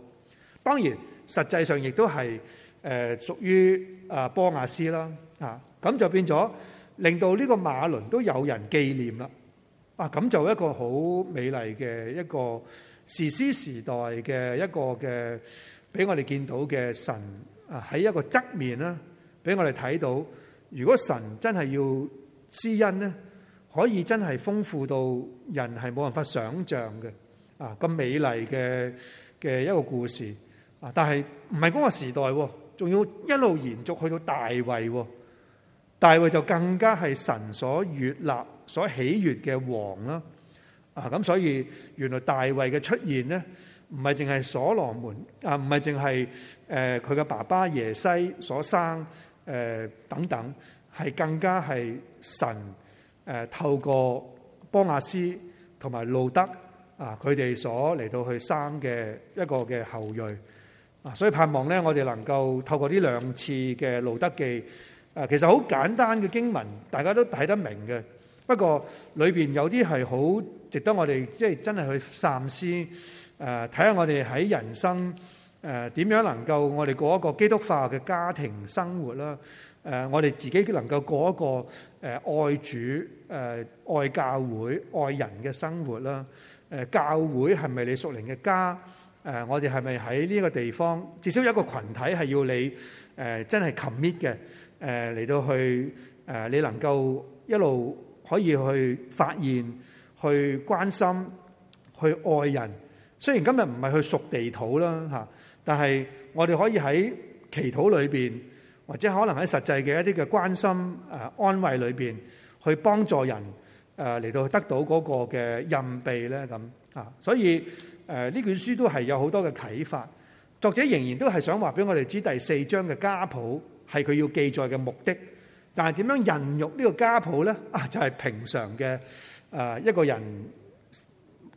當然，實際上亦都係誒屬於啊波阿斯啦啊，咁就變咗令到呢個瑪倫都有人紀念啦啊，咁就一個好美麗嘅一個士師時代嘅一個嘅，俾我哋見到嘅神啊喺一個側面啦，俾、啊、我哋睇到，如果神真係要施恩咧，可以真係豐富到人係冇辦法想像嘅啊，咁美麗嘅嘅一個故事。但係唔係嗰個時代，仲要一路延續去到大衛，大衛就更加係神所悅納、所喜悅嘅王啦。啊，咁所以原來大衛嘅出現咧，唔係淨係所羅門，啊唔係淨係誒佢嘅爸爸耶西所生，誒等等，係更加係神誒透過波亞斯同埋路德啊，佢哋所嚟到去生嘅一個嘅後裔。所以盼望咧，我哋能夠透過呢兩次嘅路得記，其實好簡單嘅經文，大家都睇得明嘅。不過裏面有啲係好值得我哋即係真係去三思，睇下我哋喺人生點樣能夠我哋過一個基督化嘅家庭生活啦。我哋自己能夠過一個愛主、誒愛教會、愛人嘅生活啦。教會係咪你屬靈嘅家？誒，我哋係咪喺呢一個地方？至少有一個羣體係要你誒，真係 commit 嘅誒，嚟到去誒，你能夠一路可以去發現、去關心、去愛人。雖然今日唔係去熟地圖啦嚇，但係我哋可以喺祈禱裏邊，或者可能喺實際嘅一啲嘅關心誒安慰裏邊，去幫助人誒，嚟到得到嗰個嘅印記咧咁啊，所以。誒呢卷書都係有好多嘅啟發，作者仍然都係想話俾我哋知第四章嘅家譜係佢要記載嘅目的，但係點樣孕育呢個家譜咧？啊，就係、是、平常嘅一個人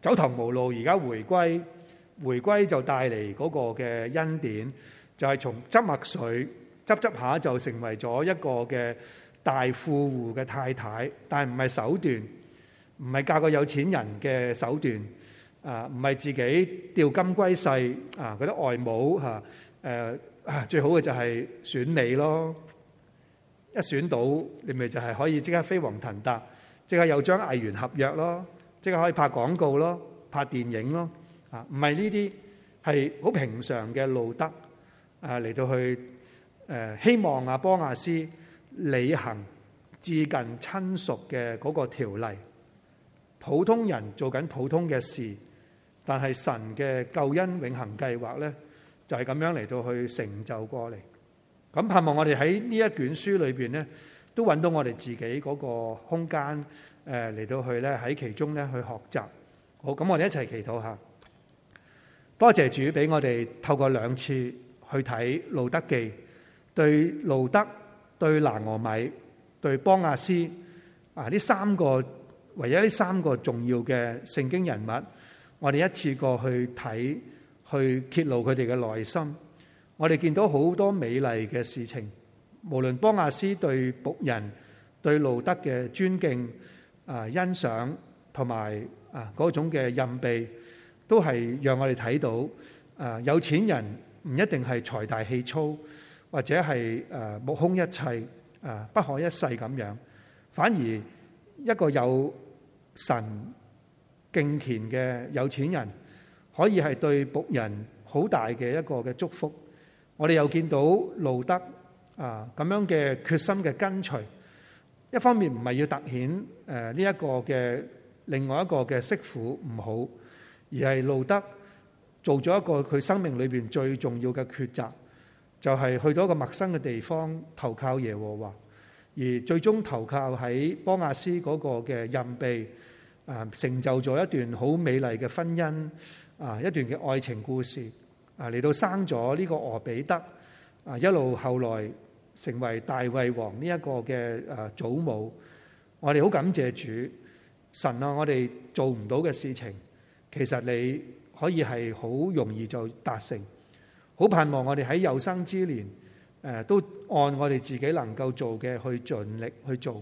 走投無路而家回歸，回歸就帶嚟嗰個嘅恩典，就係從執墨水執執下就成為咗一個嘅大富戶嘅太太，但係唔係手段，唔係嫁個有錢人嘅手段。啊，唔係自己釣金龜婿啊，嗰啲外母吓，誒、啊啊、最好嘅就係選你咯，一選到你咪就係可以即刻飛黃騰達，即刻又將藝員合約咯，即刻可以拍廣告咯，拍電影咯，啊唔係呢啲係好平常嘅。路得啊嚟到去誒、啊、希望啊波阿斯履行至近親屬嘅嗰個條例，普通人做緊普通嘅事。但係神嘅救恩永恒計劃咧，就係、是、咁樣嚟到去成就過嚟。咁盼望我哋喺呢一卷書裏邊咧，都揾到我哋自己嗰個空間誒嚟到去咧，喺其中咧去學習。好，咁，那我哋一齊祈禱下。多謝主俾我哋透過兩次去睇路得記，對路得、對拿俄米、對波亞斯啊，呢三個唯一呢三個重要嘅聖經人物，我哋一次過去睇，去揭露佢哋嘅內心。我哋見到好多美麗嘅事情，無論波阿斯對僕人、對路得嘅尊敬、啊欣賞同埋啊嗰種嘅任備，都係讓我哋睇到啊有錢人唔一定係財大氣粗，或者係目空一切啊不可一世咁樣，反而一個有神敬虔嘅有錢人可以係對僕人好大嘅一個嘅祝福。我哋又見到路得啊咁樣嘅決心嘅跟隨，一方面唔係要突顯誒呢一個嘅另外一個嘅媳婦唔好，而係路得做咗一個佢生命裏面最重要嘅抉擇，就係去到一個陌生嘅地方投靠耶和華，而最終投靠喺波阿斯嗰個嘅蔭庇。啊，成就咗一段好美麗嘅婚姻，啊，一段嘅愛情故事，啊，嚟到生咗呢個俄備得，啊，一路後來成為大衛王呢一個嘅啊祖母，我哋好感謝主，神啊，我哋做唔到嘅事情，其實你可以係好容易就達成，好盼望我哋喺有生之年，誒，都按我哋自己能夠做嘅去盡力去做。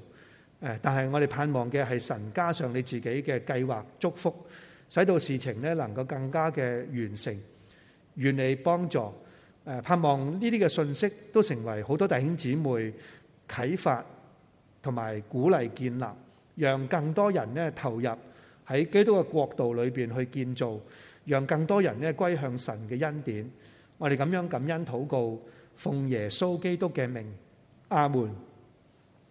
誒，但係我哋盼望嘅係神加上你自己嘅計劃祝福，使到事情咧能夠更加嘅完成，願你幫助。誒，盼望呢啲嘅信息都成為好多弟兄姊妹啟發同埋鼓勵建立，讓更多人咧投入喺基督嘅國度裏邊去建造，讓更多人咧歸向神嘅恩典。我哋咁樣感恩禱告，奉耶穌基督嘅名。阿門。